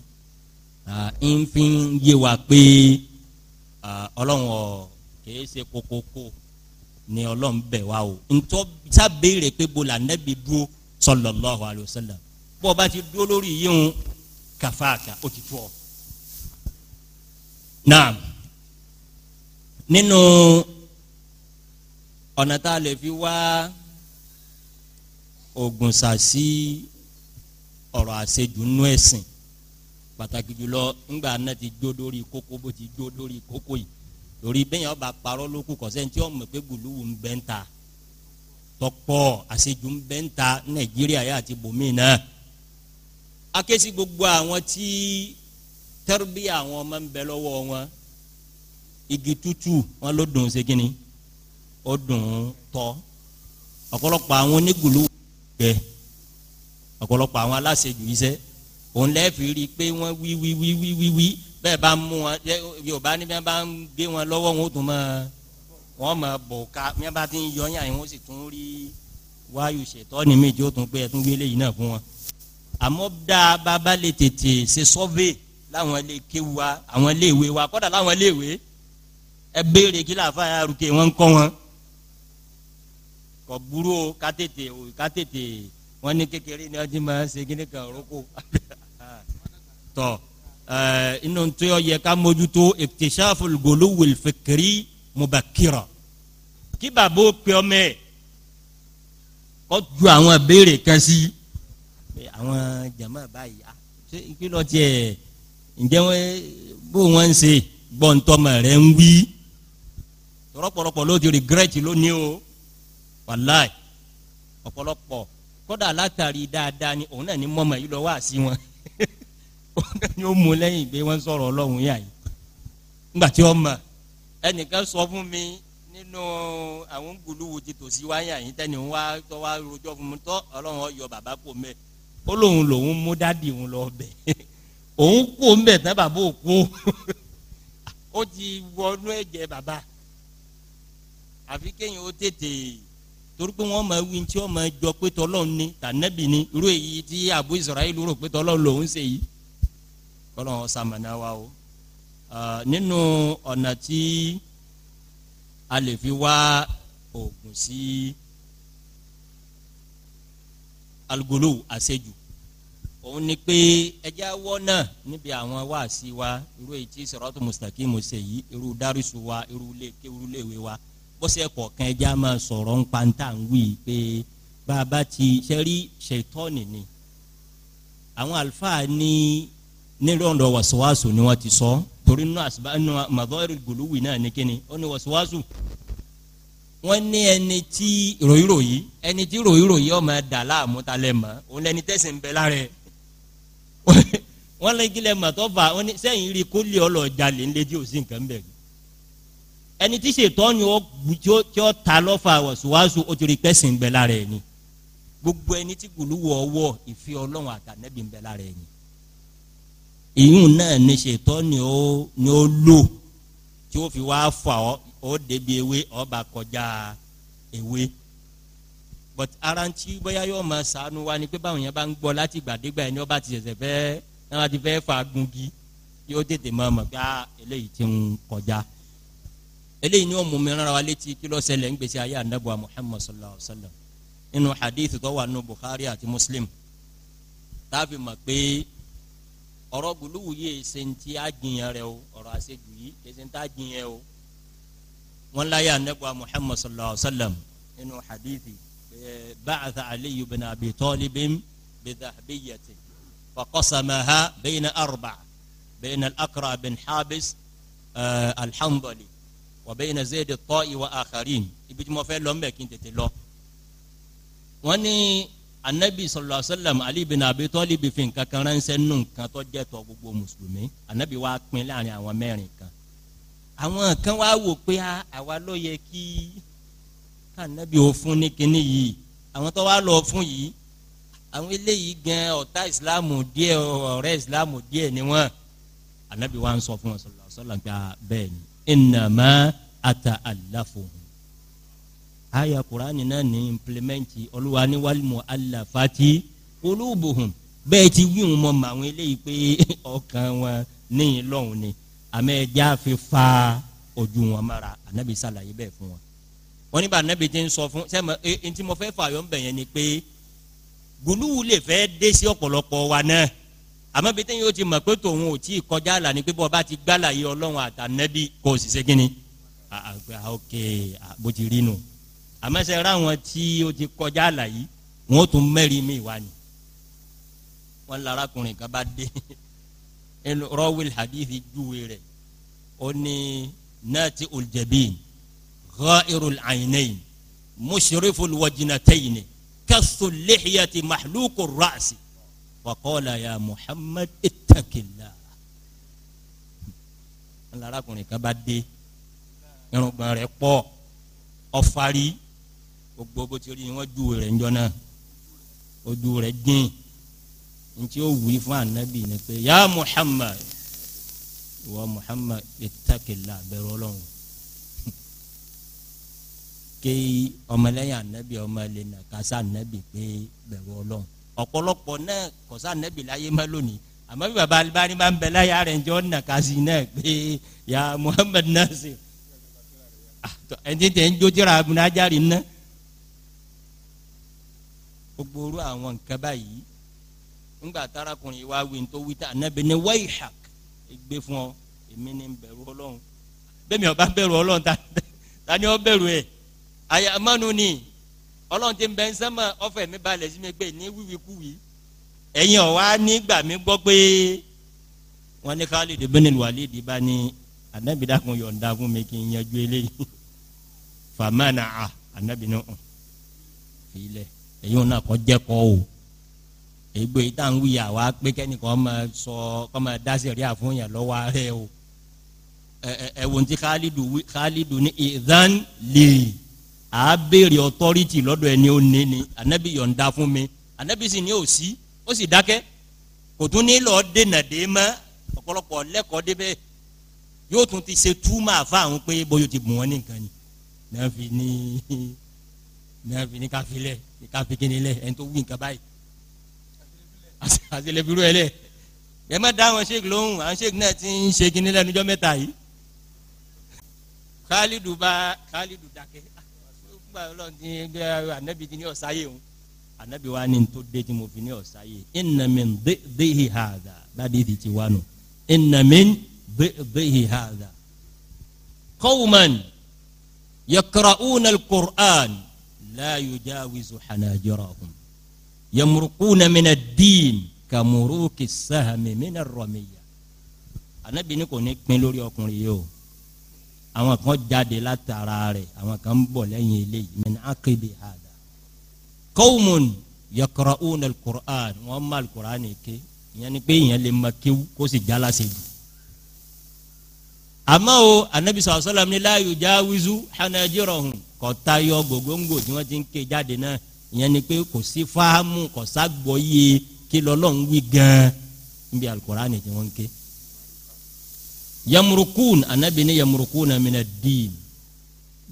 ń fi yé wa pé ọlọ́run ọ̀ kìí ṣe kokoko ni ọlọ́run bẹ̀ wá o ntọ́ sábẹ́rẹ̀ pé bo la nẹ́bi dúró sallallahu alaihi wasallam bó o bá ti dúró lórí yíyún kàfáàkà ó ti tó ọ. naam nínú. No, ọ̀nà tá a lè fi wá oògùn sàsí ọ̀rọ̀ àṣejù nú ẹ̀sìn pàtàkì jùlọ ńgbà náà ti jó lórí kókó bó ti jó lórí kókó yìí torí bẹ́ẹ̀ yẹn ọba parọ́ lókù kọ́sẹ́ ní tí wọ́n mọ̀ pé gùlùwù ń bẹ́ ń ta tọpọ̀ àṣejù ń bẹ́ ń ta nàìjíríà yà àti bòmí náà akẹ́sí gbogbo àwọn tí tẹ́rù bí àwọn ọmọ ń bẹ lọ́wọ́ wọn igi tútù wọn ló dùn ṣe kínní ó dùn tọ́ ọ̀pọ̀lọpọ̀ àwọn onígùlù gbẹ ọ̀pọ̀lọpọ̀ àwọn aláṣejù iṣẹ́ òun lẹ́ẹ̀fì rí i pé wọ́n wí wí wí wí wí wí bẹ́ẹ̀ bá mú wọn yorùbá ní bí wọ́n bá ń gbé wọn lọ́wọ́ wọn ó tún mọ́ wọn mọ̀ bò ká bí wọ́n bá ti ń yọ yàn yín wọ́n sì tún rí wáyù ṣètọ́ ní méjì ó tún pé ẹ̀ tún gbélé yìí náà fún wọn. àmọ́ dá a bá bá lè tètè ṣe sọ́vè láwọn ilé kéwu wa àwọn ilé ìwé wa kọ́dà láwọn ilé ìwé ẹ béèrè kí láàfáà yà wọn ń kọ́ wọn kò burú o ká tètè o ká tètè wọn ní kékeré ni ọdún máa ṣe kíní kan roko tọ eh, inú tó yẹ ká mójútó iktishaful guluwil fikri mubakira kí bàbá ó pe ọmọ ẹ kó ju àwọn ìbéèrè kan sí àwọn jàmá báyìí ah, ṣé kí ló tiẹ̀ ǹjẹ́ wọ́n bó wọ́n ń ṣe gbọ́ntọ́mọ rẹ̀ ń wí tọ́rọ̀pọ̀rọ̀pọ̀ ló ti regret lónìí o. wàláì ọ̀pọ̀lọpọ̀ kódà látàrí dáadáa ni òun náà ni mọ́mọ́ yìí lọ wá sí wọn òun náà ni ó mú lẹ́yìn pé wọ́n sọ̀rọ̀ ọlọ́run yà yìí nígbà tí wọ́n mọ̀ ẹnìkan sọ fún mi nínú àwọn gbùlùwù ti tòsí tẹ́ni wá tọ́ wá rojọ́ fún mi tọ́ ọlọ́run ọyọ bàbá kò mẹ́ ó lóun lòun mú dádì òun lọ bẹ̀ òun kò mẹ́ tán bàbá òkú ti wọnú ẹ̀jẹ̀ bàbá àfi ó tètè. torí pé wọ́n máa wí tí wọ́n máa jọ pé tọ́lọ́run ni tànẹ́bì ni irú èyí tí Abu Israel rò pé tọ́lọ́run lòún ṣe yìí kọ́lọ́n ọ̀sàmọ̀nà wa o nínú ọ̀nà tí a lè fi wá oògùn sí alugolo àṣejù òun ni pé ẹja wọ́ náà níbi àwọn wáàsí wa irú èyí tí sọ̀rọ̀tù mùsítàkì mo ṣe yìí irú dárísù wa irú ilé kéwúrú léwe wa bọ́sẹ̀ kọ̀ọ̀kan ẹja máa sọ̀rọ̀ ń pantá ń wí pé bàbá ti ṣẹ́rí ṣètọ́nì ni àwọn àlùfáà ní nílọ́ọ̀dọ̀ wàsíwàsù ni wọ́n ti sọ torí nínú àṣìbá nínú màdọ́rì gòlúwì náà ní kíni ó ní wàsíwàsù wọ́n ní ẹni tí ròyìnròyìn ẹni tí ròyìnròyìn ọmọ ẹ̀dá láàmú ta lẹ̀ mọ́ òun lẹni tẹ̀sí ń bẹ lára ẹ̀ wọ́n lẹ́gílẹ̀ mọ̀tọ́fà wọ́n ní sẹ́yìn rí kólé ọlọ́ọ̀jà lé ní létí òsì nǹkan bẹ̀rẹ̀ ẹni tí ṣètọ́ ni ó tí ó ta lọ́fà wàsùwàsù ó ti rí pẹ́sì ń bẹ lára ẹ̀ ni gbogbo ẹni tí gùlúwò ọwọ́ ìfẹ́ ọlọ́run àtànẹ́bí ń bẹ lára ẹ̀ ni ìyún náà ni ṣètọ́ ni ó ni ó lò tí ó fi wá fà ọ́ ó débi ewé ọba kọjá ewé but ara ti bóyá yóò máa ṣàánú wa ni pé báwọn yẹn bá ń gbọ́ láti gbàdégbà ẹni ọba ti ṣẹ̀ṣẹ̀ fẹ́ náà ti fẹ́ fa gungi yóò tètè máa mọ̀ pé ah, eléyìí ti ń kọjá eléyìí ni ó mú mi rárá wa létí kí ló ṣẹlẹ̀ ń gbèsè ayé anabuwa muhammad sallallahu alaihi wa sallam nínú hadith tó wà nù bukhari àti muslim táàfin mọ̀ pé ọ̀rọ̀ gbólóhù yìí ṣe ń tí a jiyàn rẹ o ọ̀rọ̀ àṣejù yìí ṣe ń tá a jiyàn o wọn láyé anabuwa muhammad sallallahu alaihi wa sallam nínú hadith eh, ba'atha aliyu bin abi talibin bidahabiyatin faqasamaha bayna arba bayna al bin habis eh, alhamdulilayi wa bayna Zayd at-Ta'i wa akharin ibi tí mo fẹ́ lọ ń bẹ̀ kí n tètè lọ. wọ́n ní anabi sallallahu alaihi wasallam ali bin abi talib fi nǹkan kan ránṣẹ́ nù nǹkan tó jẹ́ tọ́ gbogbo mùsùlùmí anabi wa pín láàrin àwọn mẹ́rin kan. àwọn kan wá wò pé ah, àwa ló yẹ kí anabi ò fún ní kinní yìí àwọn tó wá lọ fún yìí àwọn eléyìí gan ọ̀tá ìsìláàmù díẹ̀ ọ̀rẹ́ ìsìláàmù díẹ̀ ni wọ́n anabi wa ń sọ fún wọn sallallahu alaihi wasallam ah, bẹ́ẹ̀ ni ìnàmá ata àlàfòhùn. àyà kùránì náà ní implimẹ́ǹtì olúwa ní wàlímù àlàfàtì olúbùhùn bẹ́ẹ̀ ti wí wọn mọ̀ mọ́ àwọn eléyìí pé ọkàn wọn ní ìlọ́hùn ni àmọ́ ẹja fi fa ojú wọn mara ànábì sàlàyé bẹ́ẹ̀ fún wọn. wọ́n ní bá ti ń sọ fún sẹ́mi ẹ ntí mo fẹ́ fà yọ̀ ń bẹ̀yẹn ni pé gùlùú lè fẹ́ dé sí ọ̀pọ̀lọpọ̀ wa náà àmọ́ bí téyìn ó ti mọ̀ pé tòun ò tí ì kọjá àlà ni pé bọ́ bá ti gbálà yé ọlọ́run àtànẹ́bí kò sì ṣe kínni àgbà ok bó ti rí nu àmọ́ ṣe ráwọn tí ó ti kọjá àlà yìí wọn tún mẹ́rin mi wá ni wọn larakùnrin kan bá dé rọwìl hadithi júwe rẹ̀ ó ní nati olùjẹ̀bí ghairul aynayn mushriful wajinatayn kasulihiyati mahluku raasi wàkọ́ọ̀lá ya muhammad itakila alárakùnrin kan bá dé irùngbọ̀n rẹ̀ pọ̀ ọ̀fari gbogbo bó ti rí wọn ju rẹ̀ ńjọ náà ojú rẹ̀ dín ntí ó wí fún anabi ni pé ya muhammad wa muhammad itakila bẹ̀rù ọlọ́run kéyí ọmọlẹ́yìn anabi ọmọ ẹlẹ́nà anabi pé bẹ̀rù ọlọ́run ọ̀pọ̀lọpọ̀ náà kọ̀sá nẹ́bì láyé má lónìí àmọ́ bí baba alibani bá ń bẹ láyé rẹ̀ njọ́ nà kásì náà pé ya Muhammad Nasir ẹni tẹ̀ ń jójúra abunajari ná gbogbo orú àwọn nǹkan báyìí ńgbà tarakùnrin wa wí tó wí tá ànábì ní wayhak gbé fún ọ èmi ní ń bẹ̀rù Ọlọ́run bẹ́ẹ̀ mi ò bá bẹ̀rù Ọlọ́run ta ni ó bẹ̀rù ẹ̀ àyàmánu ni ọlọ́run ti ń bẹ ń sẹ́mọ̀ ọ̀fẹ́ mi balẹ̀ sí mi pé ní wíwíkúwì ẹ̀yin ọ̀wá nígbà mi gbọ́ pé wọ́n ní Khalid bin Walid bá ní anabi dákun yọ̀ǹda fún mi kí n yanjú eléyìí famana a anabi ní hàn filẹ̀ ẹ̀yin ọ̀nà kọ́ jẹ́kọ̀ o ègbè tá ń wíyà wá pé kẹ́nìkan máa sọ kọ́ máa dá sẹ̀ríà fún lọ́wọ́ rẹ o ẹ̀ ẹ̀ wọ́n ti Khalidu ní ìdán lèè a béèrè authority lọ́dọ̀ ẹni ó ní ni anabi yọ̀ǹda fún mi anabi sì ní ò sí ó sì dákẹ́ kò tún ní lọ́ọ́ dènà dé mọ́ ọ̀pọ̀lọpọ̀ lẹ́kọ̀ọ́ débẹ̀ yóò tún ti ṣe túmọ̀ àfáàhùn pé bóyá o ti bù wọ́n ní nǹkan ni náà fi ní náà fi ní káfílẹ̀ káfíkínilẹ̀ ẹni tó wí nǹkan báyìí àṣẹlẹ̀bírú ẹ lẹ̀ ẹ má dá àwọn sheik lóhùn àwọn sheik náà ti ń ṣe kínní lẹ́nu jọ́ mẹ́ta yìí Khalidu bá Khalidu dákẹ́ nígbà ọlọ́ọ̀dì anabi ti ní ọ̀sáyé òun anabi wa ni tó dé tí mo fi ní ọ̀sáyé ìnàmín déhì hàdà bàdé ti ti wá nù ìnàmín déhì hàdà. qawman yaqra'una al-Qur'an la yujawizu hanajirahum yamurukuna min ad-din kamuruki sahami min ar-ramiyya anabi ni kò ní pin lórí ọkùnrin yìí o àwọn kan jáde látara rẹ̀ àwọn kan ń bọ̀ lẹ́yìn eléyìí min aqibi hada qawmun yaqra'una al-Qur'an wọ́n má al-Qur'an ké ìyẹn ni pé ìyẹn lè ma kéwú kó sì jálá sí i àmọ́ o anabi sọ̀rọ̀ sọ́la ní la yujawizu hanajirahum kò tayọ gògóńgò tí wọ́n ti ń ké jáde náà ìyẹn ni pé kò sí fáhámù kò yé kí lọ́lọ́ wí gan-an níbi al-Qur'an ni tí wọ́n ń ké yamurukun anabi ni yamurukun mina diin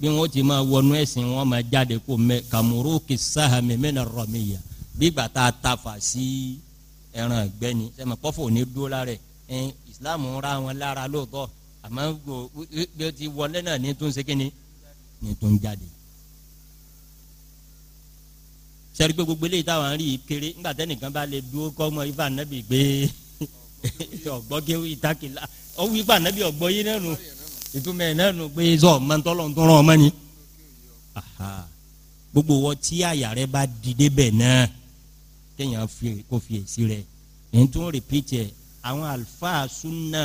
bí wọn ti máa wọnú ẹsìn wọn máa jáde kó mẹ kàmúrú kì sáhàmì mina rọmìyà bí bàtà tafa sí ẹran ẹgbẹni sẹmẹ kọfọ ní dúró lára ẹ islam ń ra wọn lára lóòótọ́ àmọ́ gbò bí ó ti wọlé náà ní tó ń ṣe kíni ní tó ń jáde sẹ́rí gbogbo eléyìí táwọn rí kéré ńgbà tẹ́nìkan bá lè dúró kọ́ mọ́ ifá nẹ́bí gbé ọgbọ́gẹ́wò ìtàkìlá ọwọ́ ipa nàbí ọgbọ́ yìí náà nù ìtumọ̀ ẹ̀ náà nù pé zọ mọ̀ntọ́lọ̀ ń tọrọ ọmọ ni. gbogbo wọ tí àyà rẹ bá dìde bẹ̀ náà kéèyàn kó fi èsì rẹ ní tó ń rìpíìtì ẹ̀ àwọn àlùfáà súnà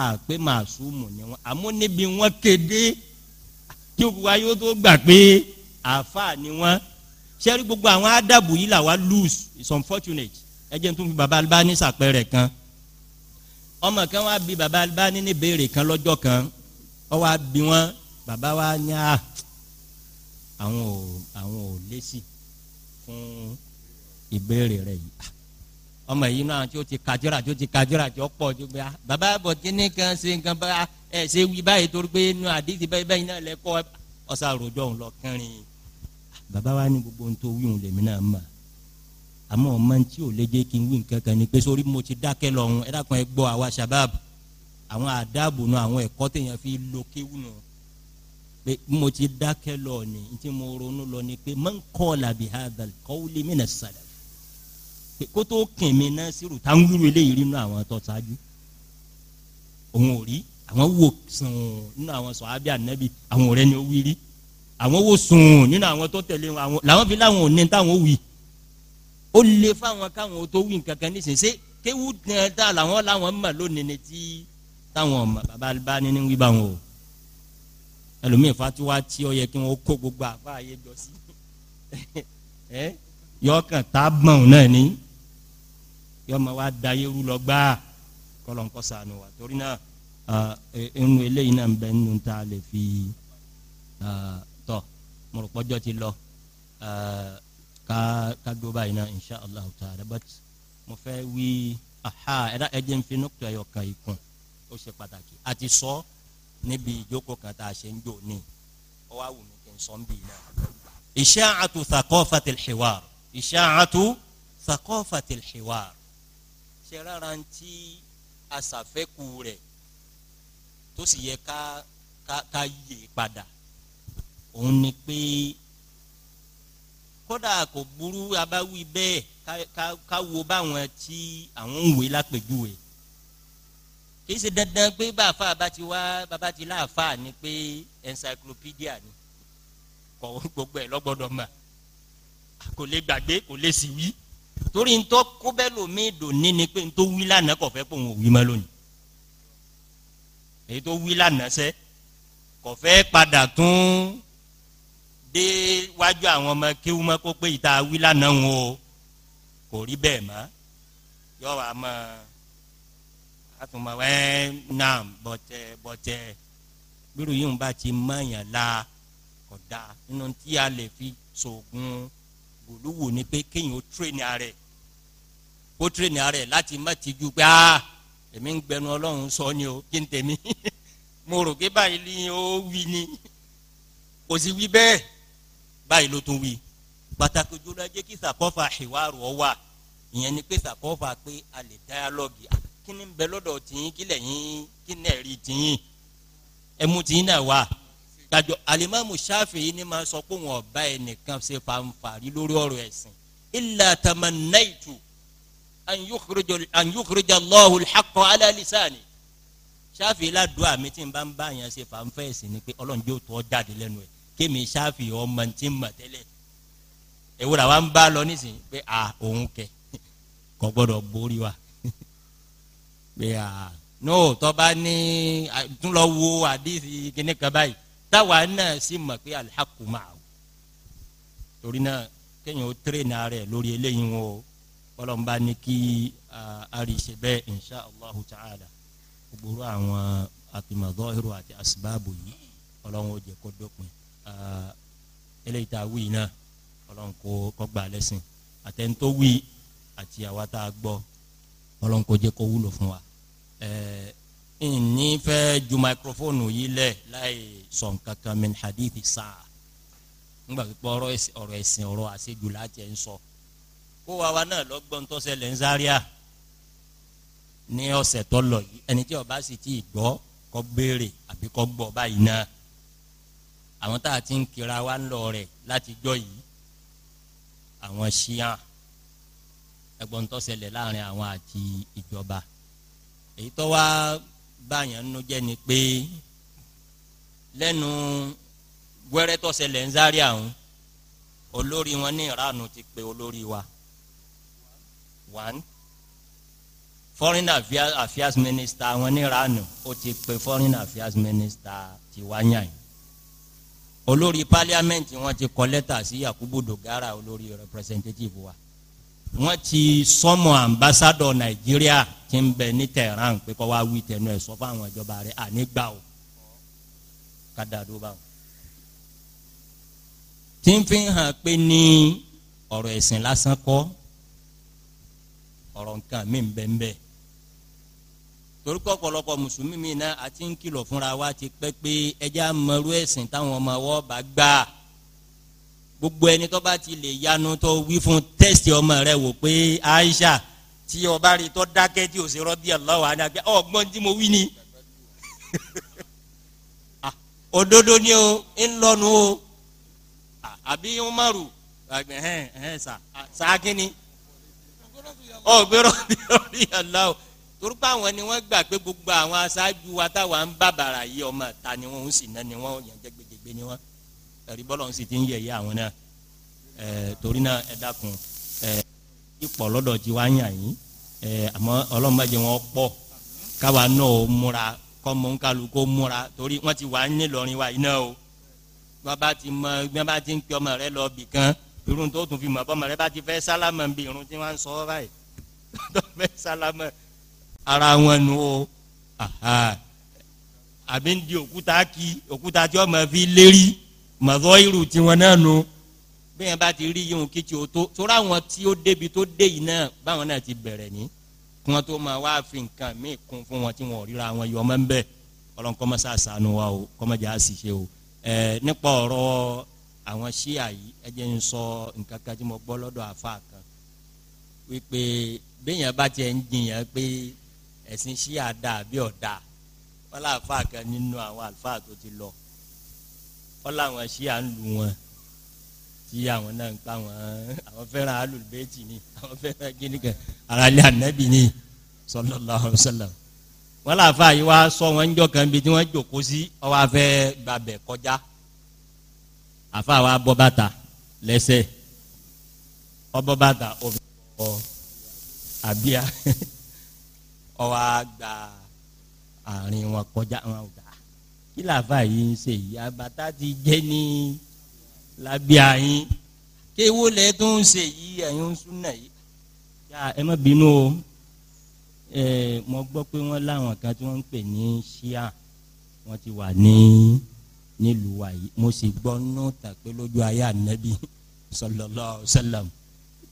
àpé màsúmù ni wọn àmọ́ níbi wọn kéde tí òkú wa yóò tó gbà pé àáfàá ni wọn sẹ́rí gbogbo àwọn ádàbò yìí là wá lose it's unfortunate ẹ jẹ́ n tún fi baba Albani sàpẹrẹ kan ọmọ kan wá bí baba bá ní ní béèrè kan lọ́jọ́ kan ọ wá bí wọn baba wá ní à ah, àwọn ò àwọn ò lésì fún ìbéèrè rẹ yìí ah, ọmọ yìí náà tí ó ti kájọ́ra tí ó ti kájọ́ra tí ó pọ̀ tó gbé baba bọ̀ kíní kan ṣe nǹkan bá ẹ ṣe wí báyìí torí pé inú àdìsí báyìí báyìí náà lẹ́kọ́ ah, ọ̀sà rojọ́ òun lọ kẹrin baba wa ní gbogbo ohun tó wí òun lèmi náà máa àmọ́ ọmọ tí ò lè jẹ́ kí n wí nǹkan kan ni pé sórí mo ti dákẹ́ lọ́hùn ẹ dákun ẹ gbọ́ àwa shabab àwọn àdáàbò náà àwọn fi lo kéwù mo ti dákẹ́ lọ ni tí mo ronú lọ ni pé man qala bi mina pé kó tó kìn mí náà sírù tá ń eléyìí àwọn tó ṣáájú òun ò rí àwọn wò sùn àwọn ànábì àwọn ọ̀rẹ́ ni ó wí rí àwọn wò sùn àwọn ó lè fáwọn káwọn tó wí nǹkan kan nísìnyí ṣe kéwù tẹ̀ tá làwọn làwọn mọ̀ lónìí ni tí táwọn ọmọ bàbá bá ní ní wí bá wọn o ẹlòmíì fatiwa tí ó yẹ kí wọn kó gbogbo àbá ayé jọ sí ẹ yọkàn tá a gbọ̀n náà ni yọmọ wa da yẹrù lọ gbá kọlọńkọ sànù wa torí náà inú eléyìí náà ń bẹ nínú tá a lè fi tọ mọ̀rọ̀pọ̀jọ́ ti lọ ká ká dúró báyìí náà insha allah ta'ala but mo fẹ́ wí aha ẹ̀dá ẹ̀jẹ̀ ń fi nọ́kítọ̀ ẹ̀yọ̀ kan ìkùn ó ṣe pàtàkì a ti sọ níbi ìjókòó kan tá a ṣe ń jò ní ọ wá wù mí kí n sọ ń bì náà isha'atu thaqafatil hiwar isha'atu thaqafatil hiwar ṣe rárá ń tí aṣàfẹ́kù rẹ̀ tó sì yẹ ká ká ká yè padà òun ni pé kódà kò burú abáwí bẹ́ẹ̀ ká wo báwọn tí àwọn ń wé lápèjúwe kì í ṣe dandan pé bàfà bá ti wá bàbá ti láàfà ni pé encyclopedia ni kọ̀ gbogbo ẹ̀ lọ́gbọ́dọ̀ mà kò lè gbàgbé kò lè sì wí torí ntọ́ kó bẹ́ẹ̀ lómi dòní ni pé ntọ́ wí lánàá kọ̀ fẹ́ pé òun ò wí mọ́ lónìí èyí tó wí lánàá sẹ́ kọ̀ fẹ́ padà tún dé wájú àwọn ọmọ kíw mọ́ kó pé ìta wí lánàá ń o kò rí bẹ́ẹ̀ mọ́ yọ wà mọ́ àtùmọ̀ ẹ̀ náà bọ̀tẹ̀ bọ̀tẹ̀ gbèrú yìí ń bá ti mọ̀yàn la ọ̀dà nínú tí a lè fi sògùn gbòlúwò ni pé kéèyàn ó tírèèni ààrẹ kó tírèèni ààrẹ láti má ti ju pé aa èmi ń gbẹnu ọlọ́run sọ ni o kí n tèmi mo rò pé báyìí ni ó wí ni kò sì wí bẹ́ẹ̀ báyìí ló tún wí pàtàkì jùlọ ẹ jẹ́ kí sàkọ́fà ìwárò ọ wà ìyẹn ni pé sàkọ́fà pé a lè dáyálọ́gì kí ni ń bẹ lọ́dọ̀ tìyín kí lẹ́yìn kí ni ẹ̀rí tìyín ẹmu tìyín náà wà gbàdọ̀ alimami Shafi'i ni máa sọ pé wọn ọba ẹnìkan ṣe fanfàrí lórí ọ̀rọ̀ ẹ̀sìn illa tamannaitu an yukhrija Allahu al-haqqa ala lisani Shafi'i àmì tí n bá ń bá yẹn ṣe fanfẹ́ ẹ̀sìn ni pé ọlọ́run yóò tọ́ jáde lẹ́nu ẹ̀ kémi sáfì ọmọ tí ń mọ̀ tẹ́lẹ̀ ewúrẹ́ wa ń bá lọ nísìnyí pé à òun kẹ kò gbọ́dọ̀ borí wa pé à no tọ́ba ní tún lọ wo àdìsí kíní kan báyìí táwa náà sì mọ̀ pé alihakuma o torí náà kéèyàn ó tẹ̀rẹ̀nà rẹ̀ lórí eléyìí wọn o kọlọ́nba ní kí àríṣe bẹ́ẹ̀ insha allah ta'ala gbogbo àwọn àtìmọ̀dọ́ ìrò àti àsìbáàbò yìí ọlọ́run ó jẹ́ kó dópin. Ah, eléyìí tá a wí náà ọlọ́run kò kọ́gbà lẹ́sìn àtẹ̀ntó wí àti àwa tá a gbọ́ ọlọ́run kò jẹ́ kó wúlò fún wa. Eh, ìní fẹ́ ju máikrófóònù yìí lẹ̀ láì sọ nǹkan kan min hadith sáà nígbà pípọ́ ọ̀rọ̀ ẹ̀sìn ọ̀rọ̀ àṣejù láti ẹ̀ ń sọ kó wa wa náà lọ́gbọ́n tó ṣẹlẹ̀ ń Zaria ní ọ̀sẹ̀ tó lọ yìí ẹni tí ó sì ti gbọ́ kó béèrè àbí kó gbọ́ báyìí náà àwọn tá a ti ń kira wa ń lọ rẹ̀ látijọ́ yìí àwọn ṣíà ẹgbọ́n tó ṣẹlẹ̀ láàrin àwọn àti ìjọba èyí tó wá báyàn nínú jẹ́ ni pé lẹ́nu wẹ́rẹ́ tó ṣẹlẹ̀ ń sáré àwọn olórí wọn ní ìránù ti pe olórí wa one foreign affairs minister wọn ní ìránù ó ti pe foreign affairs minister tiwa yìí olórí pálíámẹ́ǹtì wọn ti kọ lẹ́tà sí Yakubu Dogara olórí representative wa wọn ti sọmọ ambassadọ Nàìjíríà tí ń bẹ ní Tehran pé kọ́ wá wí tẹnu ẹ̀ sọ fún àwọn ìjọba rẹ̀ ànígbà o kádàdó báwọn tí ń fi hàn pé ní ọ̀rọ̀ ẹ̀sìn lásán kọ́ ọ̀rọ̀ nǹkan mi ń bẹ́ẹ̀ bẹ́ẹ̀ torí pé ọ̀pọ̀lọpọ̀ mùsùlùmí mi náà àti ń kìlọ̀ fúnra wa ti pẹ́ pé ẹja mọ̀rú ẹ̀sìn táwọn ọmọ wọ́ bá gbà gbogbo ẹni tó bá ti lè yanu tó wí fún tẹ́sítì ọmọ rẹ wò pé Aisha tí ọba rí tó dákẹ́ tí o sì rọ́bì ọlọ́wà ní agbẹ́ ọgbọ́n tí mo wí ni ah, òdodo ni o ń lọ́nu o ah, àbí Umaru sáà kínni ọgbẹ́rọ̀ bí ọlọ́wà torípa àwọn ni wọ́n gbà pé gbogbo àwọn aṣáájú wa táwa ń bá bàrà yìí ọmọ ta ni wọ́n ń sì ná ni wọ́n yàn jẹgbẹjẹgbẹ ni wọ́n ẹ̀rí bọ́lọ̀ ń sì ti ń yẹ̀yẹ́ àwọn náà ẹ̀ torí náà ẹ dákun ẹ̀ ipò lọ́dọ̀ tí wàá yàn yín ẹ̀ àmọ́ ọlọ́mọdé wọn pọ̀ káwa náà ó múra kọ́mọ ń kálukó múra torí wọ́n ti wà nílọrin wa yìí o wọ́n bá ti mọ bí bá ti ń pè ọmọ rẹ lọ bì kan irun tó tún fi mọ̀ bọ́mọ rẹ bá ti fẹ́ sálámà bí irun tí wọ́n sọ báyìí tó fẹ́ sálámà ara wọn nu o àbí ń di òkúta kí òkúta tí wọ́n máa fi lérí màdọ́ irú tiwọn náà nu bí yẹn bá ti rí yíyún kí tí o tó sọ́ra àwọn tí ó débi tó dé yìí náà báwọn náà ti bẹ̀rẹ̀ ní kí wọ́n tó máa wá fi nǹkan míì kún fún wọn tí wọn ò ríra wọn yọ ọmọ ń bẹ̀ ọlọ́run kọ́ mọ́sá sànù wa o kọ́ mọ́jà á sì o ẹ nípa ọ̀rọ̀ àwọn ṣíà yìí ẹ jẹ́ ń sọ nǹkan kan tí mo gbọ́ lọ́dọ̀ àfa kan wípé bí yẹn bá tiẹ̀ ń jiyàn pé ẹ̀sìn sí àdá àbí ọ̀dà wọn láàfáà kan nínú àwọn àlùfáà tó ti lọ wọn láwọn sí à ń lu wọn tí àwọn náà ń pa wọn àwọn fẹ́ràn alùbẹ́ẹ̀tì ni àwọn fẹ́ràn gíníkan aráàlẹ́ ànábì ni sallallahu alaihi wasallam wọn láàfáà yìí wá sọ wọn jọ kan bí tí wọn jòkó sí ọwọ́ afẹ́ gbàbẹ̀ kọjá àfáà wa bọ́ bàtà lẹ́sẹ̀ ọbọ̀ bàtà òfin ọ̀ àbíà ọwọ́ àgbà àárín wọn kọjá wọn ò dá kí làáfà yìí ń ṣe yìí àbàtà ti jẹ́ ní lábẹ́ àyín kéwó lẹ tó ń ṣe yìí ẹ̀yin ń súnà yìí yá ẹ má bínú o ẹ mo gbọ́ pé wọ́n láwọn kan tí wọ́n ń pè ní ṣíà wọ́n ti wà ní nílùú wa yìí mo sì gbọ́ nù tàpé lójú ayé ànábì sallallahu alaihi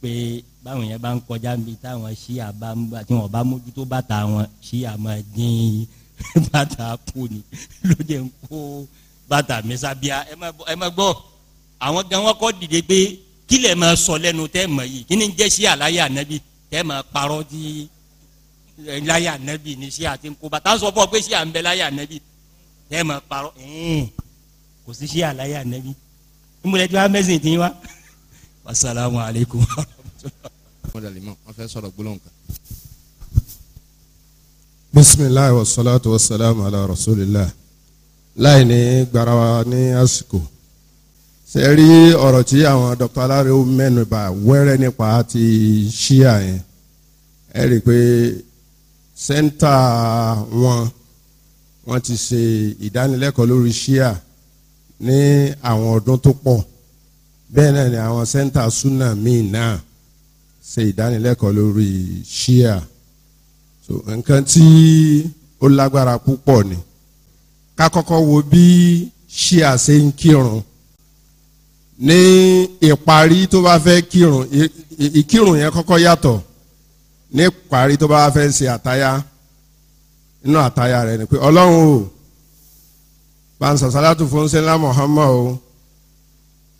pé báwọn yẹn bá ń kọjá níbi táwọn ṣíà bá ń bá tí wọn bá mójútó bàtà wọn ṣíà máa dín bàtà kù ni lóde ń kó bàtà mẹsàbíà ẹ má gbọ́ àwọn gan wọn kọ́ dìde pé kílẹ̀ máa sọ lẹ́nu tẹ́ mọ̀ yìí kí ni jẹ́ ṣíà láyé ànábì tẹ́ máa parọ́ tí láyé ànábì ni ṣíà ti ń kó bàtà sọ fún ọ pé ṣíà ń bẹ láyé ànábì tẹ́ máa parọ́ kò sí ṣíà láyé ànábì ń bọ̀lẹ́jọ́ amẹ́sìn tí ń wá asalaamu aleykum. wọ́n fẹ́ sọ̀rọ̀ gbólóhùn kan. bisimilahi wa salatu wa salamu ala rasulillah láì ní gbarawa ní àsìkò ṣe rí ọ̀rọ̀ tí àwọn dr alárèéwò mẹ́nuba wẹ́rẹ́ nípa ti ṣíà yẹn ẹ rí i pé sẹ́ńtà wọn wọ́n ti ṣe ìdánilẹ́kọ̀ọ́ lórí ṣíà ní àwọn ọdún tó pọ̀ bẹ́ẹ̀ ni àwọn sẹ́ńtà súnà míì náà ṣe ìdánilẹ́kọ̀ọ́ lórí ṣíà so nǹkan tí ó lágbára púpọ̀ ni ká kọ́kọ́ wo bí ṣíà ṣe ń kírun ní ìparí tó bá fẹ́ kírun ìkírun yẹn kọ́kọ́ yàtọ̀ ní ìparí tó bá fẹ́ ṣe àtayá nínú àtayá rẹ̀ ni pé ọlọ́run o bá ń sàṣálàtù fún ṣẹlá Muhammad o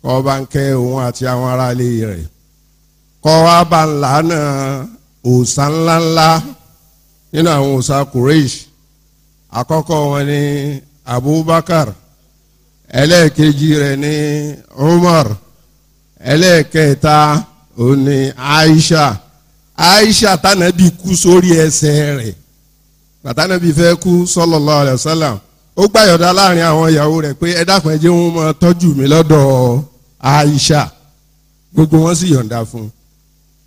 kọ́ bá ń kẹ́ òun àti àwọn aráalé rẹ̀ kọ́ wá bá ń lànà òòṣà ńláńlá nínú àwọn òòṣà Quraysh àkọ́kọ́ wọn ni Abubakar ẹlẹ́ẹ̀kejì rẹ̀ ni Umar ẹlẹ́ẹ̀kẹta òun ni Aisha Aisha tànàbí kú sórí ẹsẹ̀ rẹ̀ pàtànàbí fẹ́ kú sallallahu alaihi wasallam ó gbàyọ̀dá láàrin àwọn ìyàwó rẹ̀ pé ẹ dákun ẹ jẹ́ wọn máa tọ́jú mi lọ́dọ̀ Aisha gbogbo wọn sì yọ̀ǹda fún un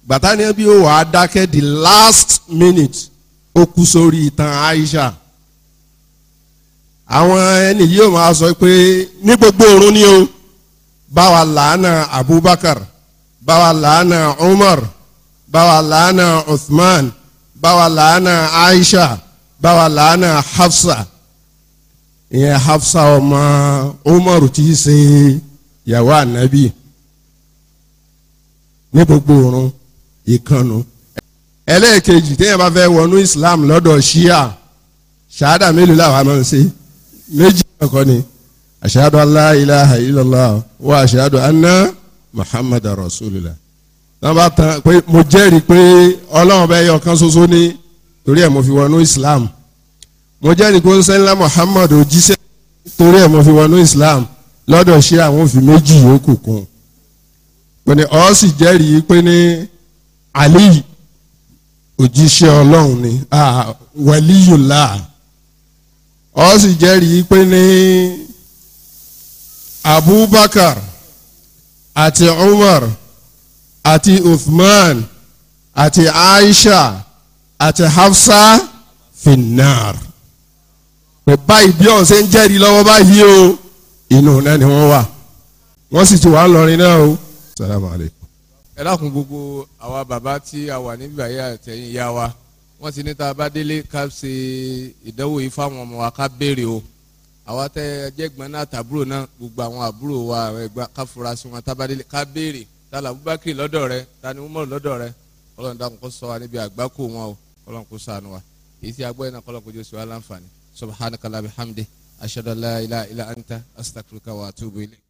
gbàtà ni bí ó wàá dákẹ́ the last minute ó kú sórí ìtàn Aisha àwọn ẹni yìí ó máa sọ pé ní gbogbo òrun ni o báwa làánà Abubakar báwa làánà Umar báwa làánà Uthman báwa làánà Aisha báwa làánà Hafsa ìyẹn Hafsa ọmọ Umar tí í ṣe ìyàwó ànábì ní gbogbo òrun ìkànnù. ẹlẹ́ẹ̀kejì téèyàn bá fẹ́ wọnú Islam lọ́dọ̀ Shia. ṣáádà mélòó làwọn máa ń ṣe méjì ọkọ ni ashadu an la ilaha illallah wa ashadu anna muhammadu rasulillah náà bá tán pé mo jẹ́rìí pé ọlọ́run bẹ́ẹ̀ yọ kan ṣoṣo ní torí ẹ̀ mo fi wọnú Islam mo jẹ́rìí pé ń sẹ́ńlá muhammadu jíṣẹ́ torí ẹ̀ mo fi wọnú Islam lọ́dọ̀ ṣe àwọn òfin méjì yòókù kún pé ní ọ sì jẹ́rìí pé ní àlì òjíṣẹ́ ọlọ́run ni wàlíyùlá ọ sì jẹ́rìí pé ní Abubakar àti Umar àti Uthman àti Aisha àti Hafsa finnar pé báyìí bí ọ̀hún ṣe ń jẹ́rìí lọ́wọ́ báyìí o inú náà ni wọ́n wà wọ́n sì ti wà lọ́rin náà o. salamu alaykum. ẹ dákun gbogbo àwa bàbá tí a wà níbi àyè àtẹ̀yìn ìyá wa wọ́n ti ní ta bá délé ká ṣe ìdánwò yìí fáwọn ọmọ wa ká béèrè o àwa tẹ jẹgbọn náà tàbúrò náà gbogbo àwọn àbúrò wa àwọn ẹgbẹ́ ká fura sí wọn tábàdélé ká béèrè tala Abubakar lọ́dọ̀ rẹ̀ tani Umar lọ́dọ̀ rẹ̀ Ọlọ́run dákun kó sọ wa níbi àgbákò wọn o Ọlọ́run kó ṣàánú wa èyí tí a gbọ́ yẹn náà kọlọn kó jọ sí wa láǹfààní subhanaka la bihamdi ashadu an la ilaha illa anta astaghfiruka wa atubu ilayk.